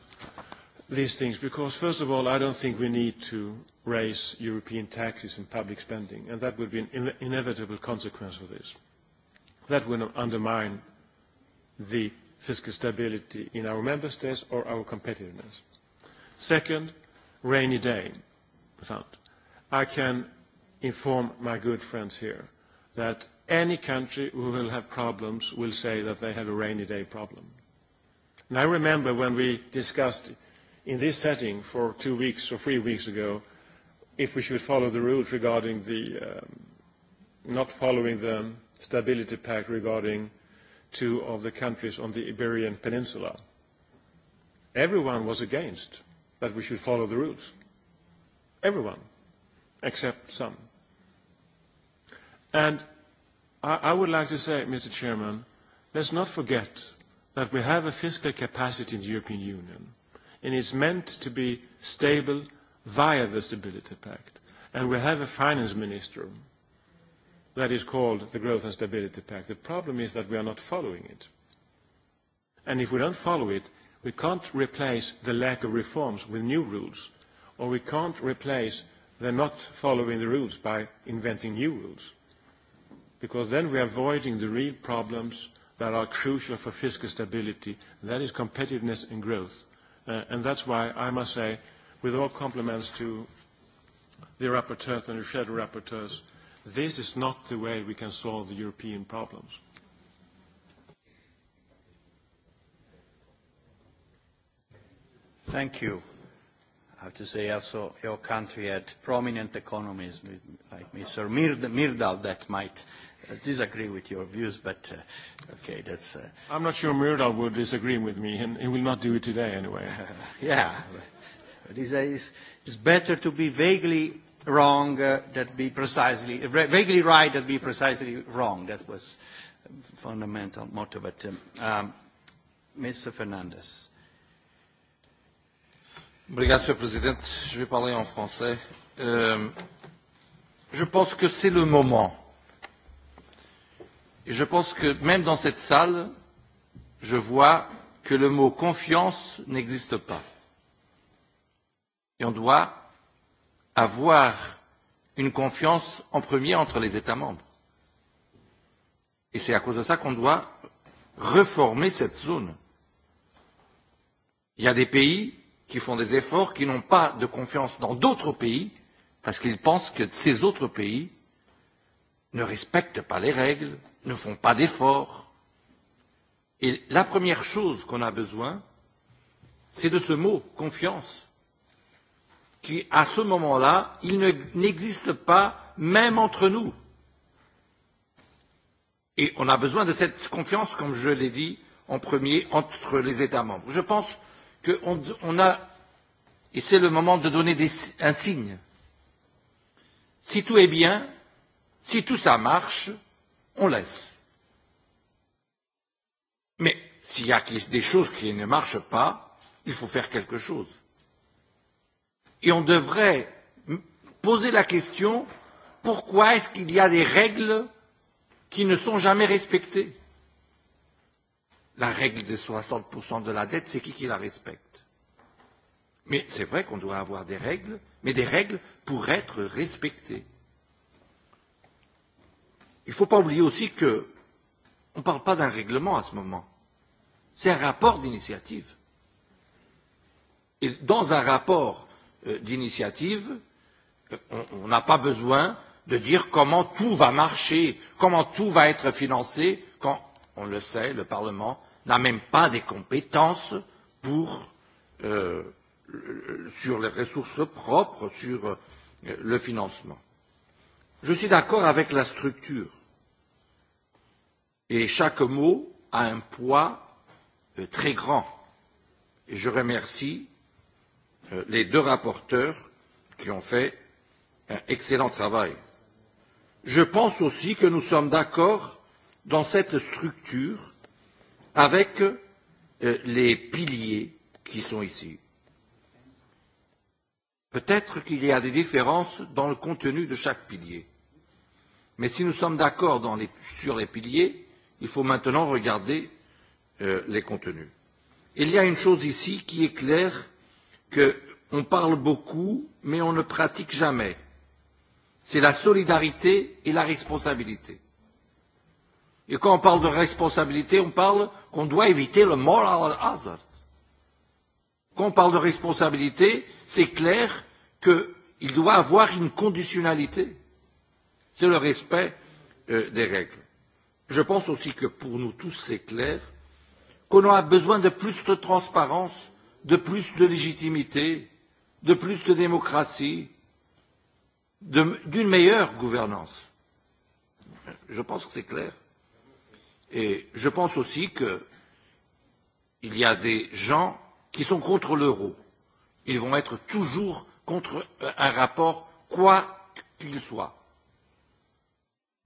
these things, because first of all, I don't think we need to raise European taxes and public spending, and that would be an in inevitable consequence of this. That would undermine the fiscal stability in our member states or our competitiveness. Second, rainy day fund. I can inform my good friends here that any country who will have problems will say that they have a rainy day problem. And I remember when we discussed in this setting for two weeks or three weeks ago if we should follow the rules regarding the um, not following the stability pact regarding two of the countries on the Iberian Peninsula. Everyone was against that we should follow the rules. Everyone except some. And I, I would like to say, Mr. Chairman, let's not forget that we have a fiscal capacity in the European Union, and it's meant to be stable via the Stability Pact. And we have a finance minister that is called the Growth and Stability Pact. The problem is that we are not following it. And if we don't follow it, we can't replace the lack of reforms with new rules, or we can't replace They're not following the rules by inventing new rules, because then we are avoiding the real problems that are crucial for fiscal stability. That is competitiveness and growth. Uh, and that's why I must say, with all compliments to the rapporteurs and the shadow rapporteurs, this is not the way we can solve the European problems. Thank you. I have to say also your country had prominent economies like Mr. Mird Mirdal that might uh, disagree with your views, but uh, okay, that's... Uh, I'm not sure Mirdal would disagree with me, and he will not do it today anyway. Uh, yeah, but it's, uh, it's, it's better to be vaguely wrong uh, than be precisely... Uh, vaguely right than be precisely wrong. That was fundamental motto, but um, um, Mr. Fernandez. Obrigado, Sr. Presidente. Je vais parler en français. Euh, je pense que c'est le moment. Et je pense que même dans cette salle, je vois que le mot confiance n'existe pas. Et on doit avoir une confiance en premier entre les États membres. Et c'est à cause de ça qu'on doit reformer cette zone. Il y a des pays qui font des efforts, qui n'ont pas de confiance dans d'autres pays, parce qu'ils pensent que ces autres pays ne respectent pas les règles, ne font pas d'efforts. Et la première chose qu'on a besoin, c'est de ce mot confiance, qui, à ce moment-là, il n'existe ne, pas même entre nous. Et on a besoin de cette confiance, comme je l'ai dit en premier, entre les États membres. Je pense qu'on on a, et c'est le moment de donner des, un signe, si tout est bien, si tout ça marche, on laisse. Mais s'il y a des choses qui ne marchent pas, il faut faire quelque chose. Et on devrait poser la question pourquoi est-ce qu'il y a des règles qui ne sont jamais respectées la règle de 60% de la dette, c'est qui qui la respecte Mais c'est vrai qu'on doit avoir des règles, mais des règles pour être respectées. Il ne faut pas oublier aussi que on ne parle pas d'un règlement à ce moment. C'est un rapport d'initiative. Et dans un rapport euh, d'initiative, euh, on n'a pas besoin de dire comment tout va marcher, comment tout va être financé, on le sait, le Parlement n'a même pas des compétences pour, euh, sur les ressources propres, sur euh, le financement. Je suis d'accord avec la structure. Et chaque mot a un poids euh, très grand. Et je remercie euh, les deux rapporteurs qui ont fait un excellent travail. Je pense aussi que nous sommes d'accord dans cette structure avec euh, les piliers qui sont ici. Peut-être qu'il y a des différences dans le contenu de chaque pilier. Mais si nous sommes d'accord les, sur les piliers, il faut maintenant regarder euh, les contenus. Il y a une chose ici qui est claire, qu'on parle beaucoup, mais on ne pratique jamais. C'est la solidarité et la responsabilité. Et quand on parle de responsabilité, on parle qu'on doit éviter le moral hazard. Quand on parle de responsabilité, c'est clair qu'il doit avoir une conditionnalité. C'est le respect euh, des règles. Je pense aussi que pour nous tous, c'est clair qu'on a besoin de plus de transparence, de plus de légitimité, de plus de démocratie, d'une meilleure gouvernance. Je pense que c'est clair. Et je pense aussi qu'il y a des gens qui sont contre l'euro. Ils vont être toujours contre euh, un rapport, quoi qu'il soit.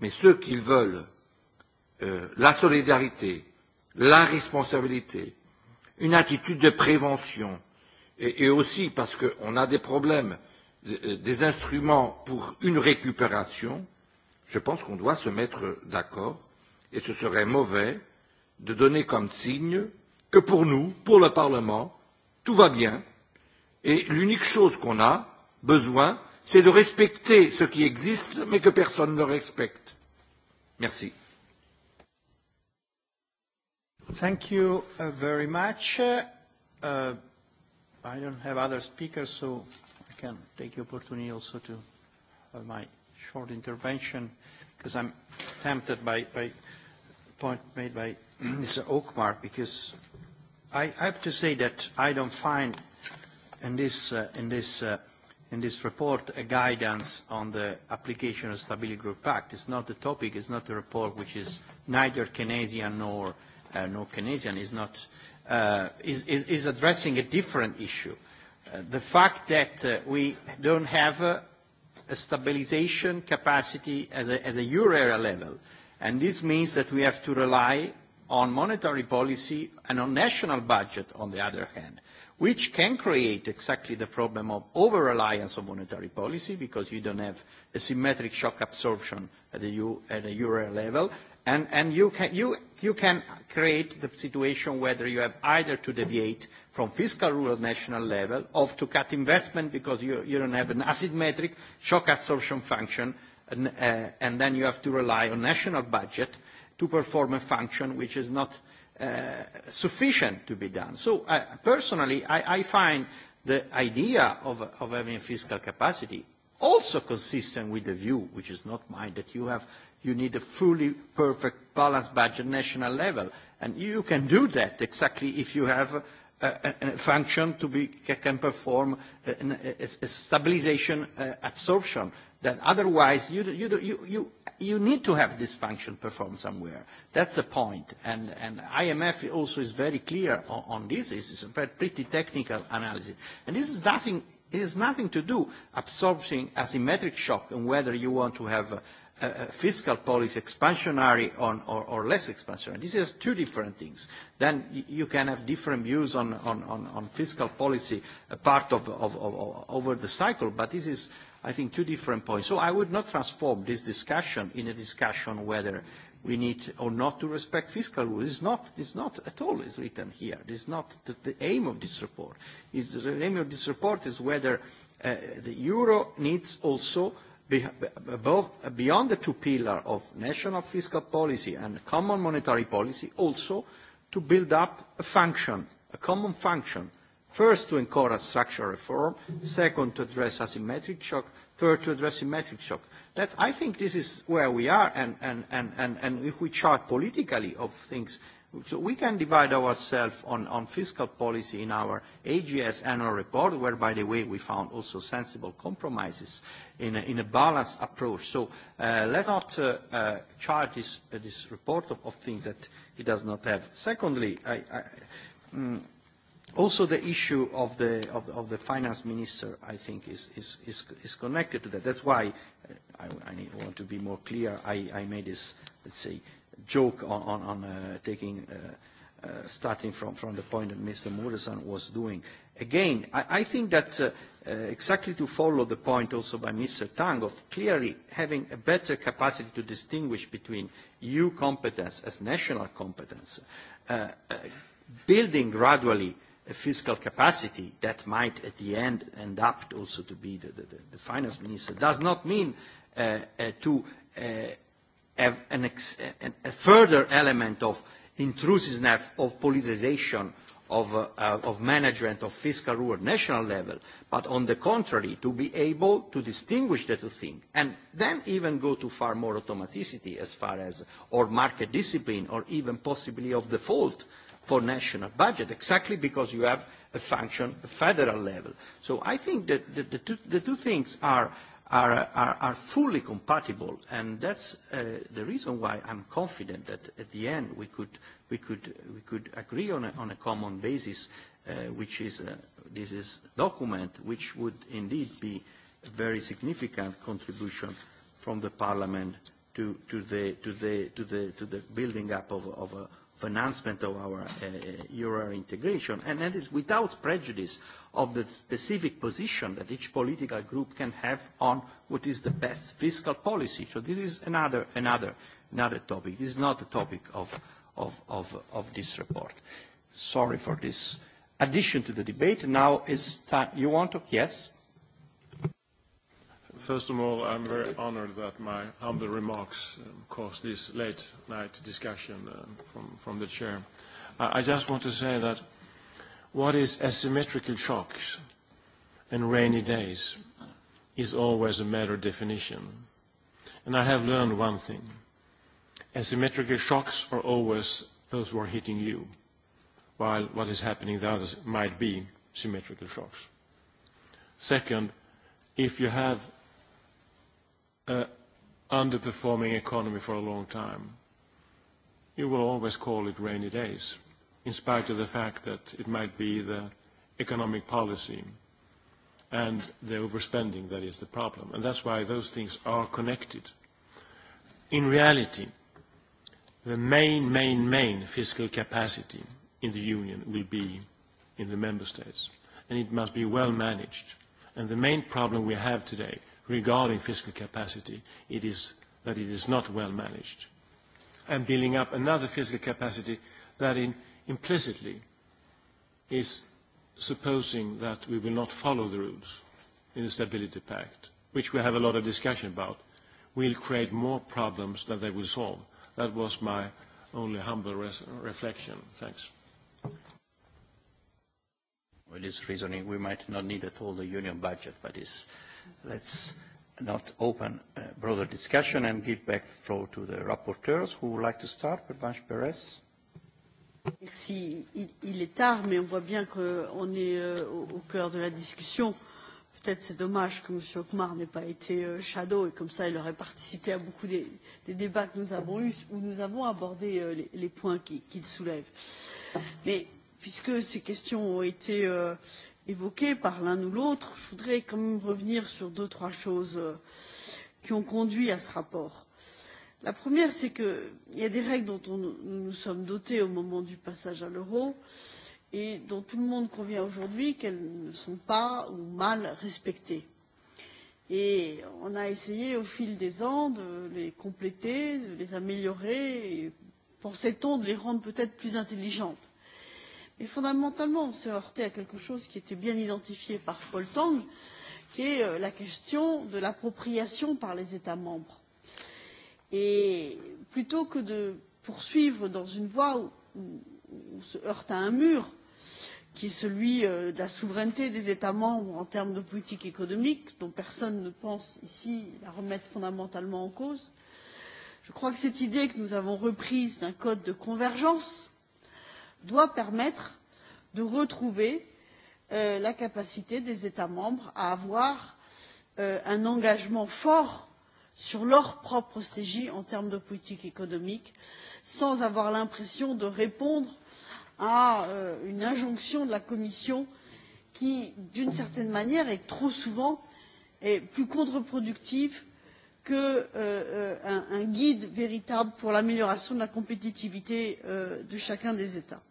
Mais ceux qui veulent euh, la solidarité, la responsabilité, une attitude de prévention, et, et aussi parce qu'on a des problèmes, euh, des instruments pour une récupération, je pense qu'on doit se mettre d'accord et ce serait mauvais de donner comme signe que pour nous, pour le Parlement, tout va bien et l'unique chose qu'on a besoin, c'est de respecter ce qui existe mais que personne ne respecte. Merci. Thank you uh, very much. Uh, I don't have other speakers, so I can take the opportunity also to have my short intervention because I'm tempted by, by point made by Mr. Oakmar, because I have to say that I don't find in this, uh, in this, uh, in this report a guidance on the application of Stability Group Pact. It's not the topic, it's not a report which is neither Keynesian nor, uh, nor Keynesian, is not, uh, is, is, is addressing a different issue. Uh, the fact that uh, we don't have uh, a stabilization capacity at the, at the euro area level, uh, And this means that we have to rely on monetary policy and on national budget, on the other hand, which can create exactly the problem of over-reliance on monetary policy because you don't have a symmetric shock absorption at the, EU, at the euro level. And, and you, can, you, you can create the situation whether you have either to deviate from fiscal rule at national level or to cut investment because you, you don't have an asymmetric shock absorption function and, uh, and then you have to rely on national budget to perform a function which is not uh, sufficient to be done. So uh, personally, I, I find the idea of, of having fiscal capacity also consistent with the view, which is not mine, that you have you need a fully perfect balanced budget national level. And you can do that exactly if you have a, a, a function to be, can perform uh, a, a, a stabilization uh, absorption uh, that otherwise you, you, you, you, you need to have this function performed somewhere. That's the point. And, and IMF also is very clear on, on this. It's a pretty technical analysis. And this is nothing, it has nothing to do absorbing asymmetric shock and whether you want to have a, a fiscal policy expansionary on, or, or less expansionary. These are two different things. Then you can have different views on, on, on, on fiscal policy, a part of, of, of, of over the cycle, but this is – I think, two different points. So I would not transform this discussion in a discussion whether we need or not to respect fiscal rules. It's not, it's not at all is written here. It's not the, the aim of this report. It's, the aim of this report is whether uh, the euro needs also be, above, beyond the two pillars of national fiscal policy and common monetary policy also to build up a function, a common function First, to encourage structural reform. Second, to address asymmetric shock. Third, to address symmetric shock. That's, I think this is where we are, and, and, and, and, and if we chart politically of things, so we can divide ourselves on, on fiscal policy in our AGS annual report, where, by the way, we found also sensible compromises in a, in a balanced approach. So uh, let's not uh, uh, chart this, uh, this report of, of things that it does not have. Secondly, I, I, mm, Also, the issue of the, of the, of the finance minister, I think, is, is, is, is connected to that. That's why uh, I, I need, want to be more clear. I, I made this, let's say, joke on, on, on uh, taking, uh, uh, starting from, from the point that Mr. Muresan was doing. Again, I, I think that uh, uh, exactly to follow the point also by Mr. Tang of clearly having a better capacity to distinguish between EU competence as national competence, uh, uh, building gradually uh, a fiscal capacity that might at the end end up also to be the, the, the finance minister does not mean uh, uh, to uh, have an ex an, a further element of intrusiveness of politicization of, uh, uh, of management of fiscal rule at national level, but on the contrary, to be able to distinguish the two things, and then even go to far more automaticity as far as, or market discipline, or even possibly of default, uh, for national budget, exactly because you have a function at federal level. So I think that the, the, two, the two things are, are, are, are fully compatible, and that's uh, the reason why I'm confident that at the end we could, we could, we could agree on a, on a common basis, uh, which is uh, this is document, which would indeed be a very significant contribution from the Parliament to, to, the, to, the, to, the, to the building up of, of, a, financement of our uh, uh, euro integration, and that is without prejudice of the specific position that each political group can have on what is the best fiscal policy. So this is another, another, another topic. This is not the topic of, of, of, of this report. Sorry for this addition to the debate. Now is time. You want to? Yes? First of all, I'm very honored that my humble remarks um, caused this late-night discussion uh, from, from the chair. I, I just want to say that what is asymmetrical shocks and rainy days is always a matter of definition. And I have learned one thing. Asymmetrical shocks are always those who are hitting you, while what is happening to others might be symmetrical shocks. Second, if you have uh, underperforming economy for a long time. You will always call it rainy days, in spite of the fact that it might be the economic policy and the overspending that is the problem. And that's why those things are connected. In reality, the main, main, main fiscal capacity in the Union will be in the member states, and it must be well managed. And the main problem we have today regarding fiscal capacity, it is that it is not well managed, and building up another fiscal capacity that in, implicitly is supposing that we will not follow the rules in the Stability Pact, which we have a lot of discussion about, will create more problems than they will solve. That was my only humble res reflection. Thanks. Well, it's reasoning we might not need at all the union budget, but it's let's not open a broader discussion and give back the floor to the rapporteurs who would like to start. Pervenche Perez. Merci. Il, il est tard, mais on voit bien qu'on est euh, au cœur de la discussion. Peut-être c'est dommage que M. Ockmar n'ait pas été euh, shadow et comme ça il aurait participé à beaucoup des, des débats que nous avons eus où nous avons abordé euh, les, les points qu'il qui soulève. Mais puisque ces questions ont été euh, évoquées par l'un ou l'autre, je voudrais quand même revenir sur deux, trois choses euh, qui ont conduit à ce rapport. La première, c'est qu'il y a des règles dont on, nous nous sommes dotés au moment du passage à l'euro et dont tout le monde convient aujourd'hui qu'elles ne sont pas ou mal respectées. Et on a essayé au fil des ans de les compléter, de les améliorer, et pensait-on de les rendre peut-être plus intelligentes mais fondamentalement on s'est heurté à quelque chose qui était bien identifié par paul tang qui est euh, la question de l'appropriation par les états membres. et plutôt que de poursuivre dans une voie où on se heurte à un mur qui est celui euh, de la souveraineté des états membres en termes de politique économique dont personne ne pense ici la remettre fondamentalement en cause je crois que cette idée que nous avons reprise d'un code de convergence doit permettre de retrouver euh, la capacité des états membres à avoir euh, un engagement fort sur leur propre stratégie en termes de politique économique sans avoir l'impression de répondre à euh, une injonction de la commission qui d'une certaine manière et trop souvent est plus contreproductive qu'un euh, euh un guide véritable pour l'amélioration de la compétitivité euh, de chacun des états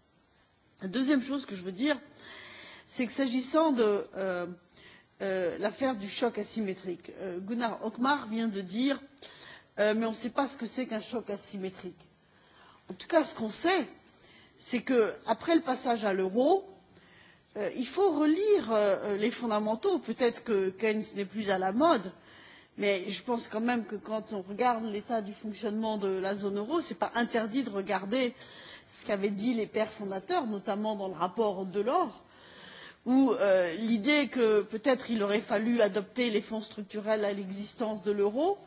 la deuxième chose que je veux dire c'est que s'agissant de euh, euh, l'affaire du choc asymétrique euh, gunnar hkmark vient de dire euh, mais on ne sait pas ce que c'est qu'un choc asymétrique. en tout cas ce qu'on sait c'est qu'après le passage à l'euro euh, il faut relire euh, les fondamentaux peut être que keynes n'est plus à la mode mais je pense quand même que quand on regarde l'état du fonctionnement de la zone euro il n'est pas interdit de regarder euh, ce qu'avaient dit les pères fondateurs notamment dans le rapport delors où euh, l'idée que peut être il aurait fallu adapter les fonds structurels à l'existence de l'euro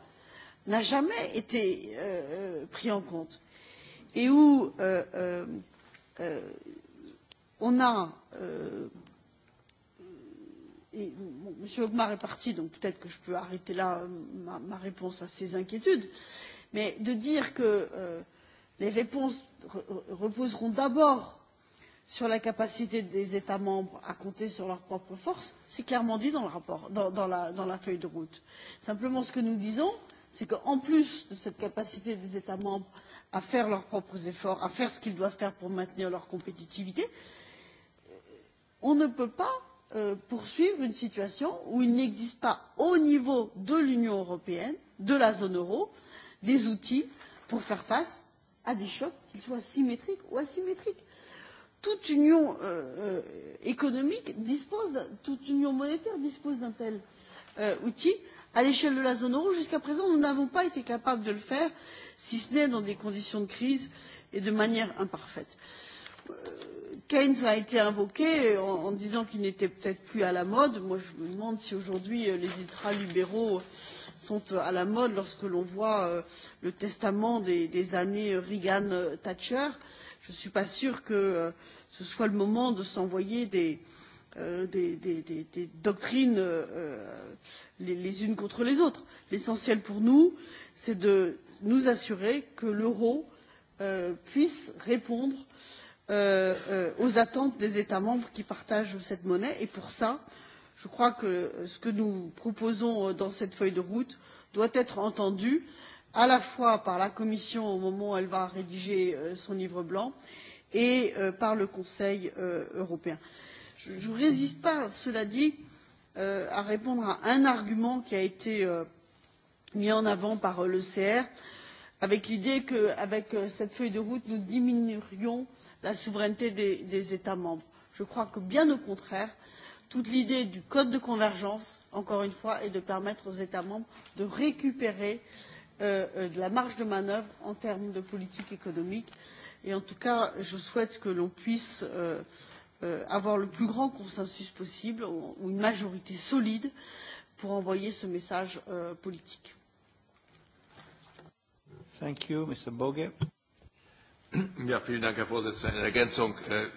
n'a jamais été euh, euh prise en compte et où euh, euh, euh on a et, bon, M. Hogmar est parti, donc peut-être que je peux arrêter là ma, ma réponse à ses inquiétudes, mais de dire que euh, les réponses reposeront d'abord sur la capacité des états membres à compter sur leurs propres forces c'est clairement dit dans le rapport dans, dans, la, dans la feuille de route. simplement ce que nous disons c'est qu'en plus de cette capacité des états membres à faire leurs propres efforts à faire ce qu'ils doivent faire pour maintenir leur compétitivité on ne peut pas euh, poursuivre une situation où il n'existe pas au niveau de l'union européenne de la zone euro des outils pour faire face à des chocs, qu'ils soient symétriques ou asymétriques. Toute union euh, euh, économique dispose, toute union monétaire dispose d'un tel euh, outil. À l'échelle de la zone euro, jusqu'à présent, nous n'avons pas été capables de le faire, si ce n'est dans des conditions de crise et de manière imparfaite. Euh, Keynes a été invoqué en, en disant qu'il n'était peut-être plus à la mode. Moi, je me demande si aujourd'hui euh, les ultralibéraux euh, sont euh, à la mode lorsque l'on voit euh, le testament des, des années euh, Reagan Thatcher. Je ne suis pas sûre que ce soit le moment de s'envoyer des, euh, des, des, des, des doctrines euh, les, les unes contre les autres. L'essentiel pour nous, c'est de nous assurer que l'euro euh, puisse répondre euh, euh, aux attentes des États membres qui partagent cette monnaie et pour ça, euh, je crois que ce que nous proposons euh, dans cette feuille de route doit être entendu à la fois par la commission au moment où elle va rédiger euh, son livre blanc et euh, par le conseil européen. je ne résiste pas cela dit à répondre à un argument qui a été mis en avant par l'ecr avec l'idée qu'avec cette feuille de route nous diminuerions la souveraineté des, des états membres. je crois que bien au contraire toute l'idée du code de convergence encore une fois est de permettre aux états membres de récupérer euh, euh, de la marge de manœuvre en termes de politique économique et en tout cas je souhaite que l'on puisse euh, euh, avoir le plus grand consensus possible ou, ou une majorité solide pour envoyer ce message euh, politique. Thank you, Mr. Boge. Ja, vielen Dank, Herr Vorsitzender. In Ergänzung, äh,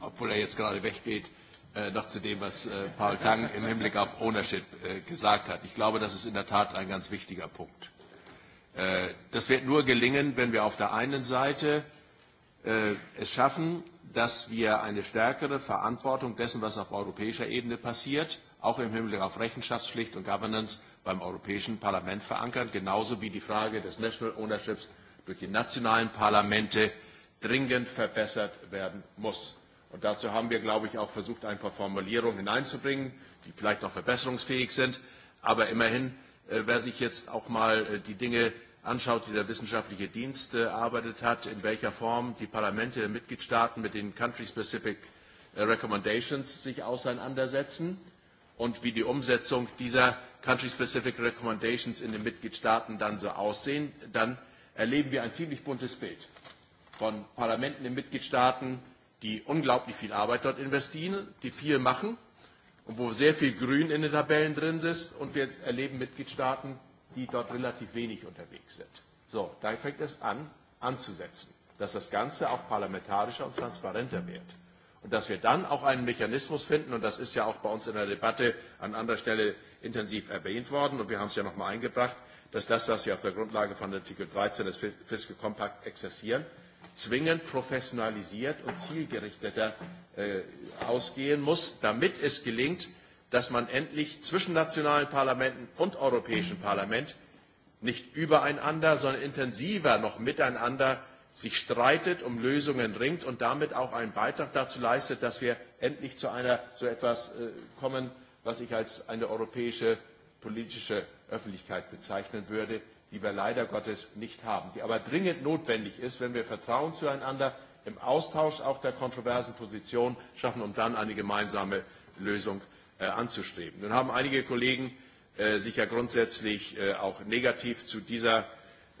obwohl er jetzt gerade weggeht, äh, äh, noch zu dem, was äh, Paul Tang im Hinblick auf Ownership äh, gesagt hat. Ich glaube, das ist in der Tat ein ganz wichtiger Punkt. Äh, das wird nur gelingen, wenn wir auf der einen Seite äh, es schaffen, dass wir eine stärkere Verantwortung dessen, was auf europäischer Ebene passiert, auch im Hinblick auf Rechenschaftspflicht und Governance beim Europäischen Parlament verankern, genauso wie die Frage des National Ownerships durch die nationalen Parlamente dringend verbessert werden muss. Und dazu haben wir, glaube ich, auch versucht, ein paar Formulierungen hineinzubringen, die vielleicht noch verbesserungsfähig sind. Aber immerhin, äh, wer sich jetzt auch mal äh, die Dinge anschaut, die der wissenschaftliche Dienst äh, erarbeitet äh, hat, in welcher Form die Parlamente der Mitgliedstaaten mit den Country-Specific äh, Recommendations sich auseinandersetzen und wie die Umsetzung dieser Country-Specific Recommendations in den Mitgliedstaaten dann so aussehen, dann erleben wir ein ziemlich buntes Bild von Parlamenten in Mitgliedstaaten, die unglaublich viel Arbeit dort investieren, die viel machen und wo sehr viel Grün in den Tabellen drin ist. Und wir erleben Mitgliedstaaten, die dort relativ wenig unterwegs sind. So, da fängt es an, anzusetzen, dass das Ganze auch parlamentarischer und transparenter wird. Und dass wir dann auch einen Mechanismus finden, und das ist ja auch bei uns in der Debatte an anderer Stelle intensiv erwähnt worden, und wir haben es ja nochmal eingebracht, dass das, was wir auf der Grundlage von Artikel 13 des Fiscal Compact exerzieren, zwingend professionalisiert und zielgerichteter äh, ausgehen muss, damit es gelingt, dass man endlich zwischen nationalen Parlamenten und Europäischem Parlament nicht übereinander, sondern intensiver noch miteinander sich streitet, um Lösungen ringt und damit auch einen Beitrag dazu leistet, dass wir endlich zu, einer, zu etwas äh, kommen, was ich als eine europäische politische Öffentlichkeit bezeichnen würde, die wir leider Gottes nicht haben, die aber dringend notwendig ist, wenn wir Vertrauen zueinander im Austausch auch der kontroversen Positionen schaffen, um dann eine gemeinsame Lösung äh, anzustreben. Nun haben einige Kollegen äh, sich ja grundsätzlich äh, auch negativ zu dieser,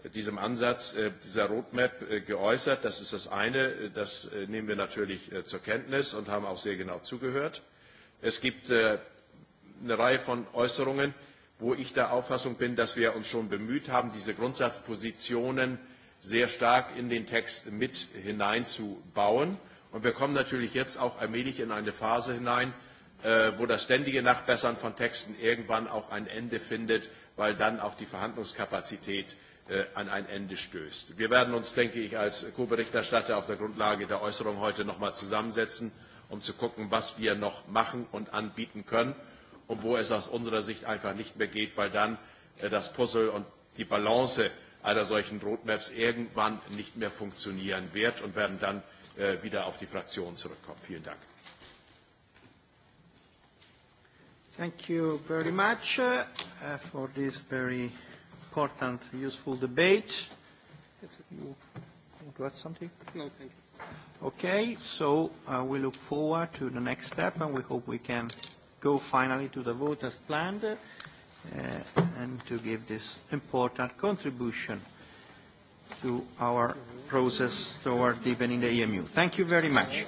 äh, diesem Ansatz äh, dieser Roadmap äh, geäußert. Das ist das eine. Äh, das äh, nehmen wir natürlich äh, zur Kenntnis und haben auch sehr genau zugehört. Es gibt äh, eine Reihe von Äußerungen, äh, wo ich der Auffassung bin, dass wir uns schon bemüht haben, diese Grundsatzpositionen sehr stark in den Text mit hineinzubauen. Und wir kommen natürlich jetzt auch allmählich in eine Phase hinein, äh, wo das ständige Nachbessern von Texten irgendwann auch ein Ende findet, weil dann auch die Verhandlungskapazität äh, an ein Ende stößt. Wir werden uns, denke ich, als Co-Berichterstatter auf der Grundlage der Äußerung heute nochmal zusammensetzen, um zu gucken, was wir noch machen und anbieten können und wo es aus unserer Sicht einfach nicht mehr geht, weil dann äh, das Puzzle und die Balance einer solchen Roadmaps irgendwann nicht mehr funktionieren wird und werden dann äh, wieder auf die Fraktionen zurückkommen. Vielen Dank. Thank you very much uh, uh, for this very important, useful debate. You want to add something? No, thank you. Okay, so uh, we look forward to the next step and we hope we can go finally to the vote as planned uh, and to give this important contribution to our process toward deepening the EMU. Thank you very much.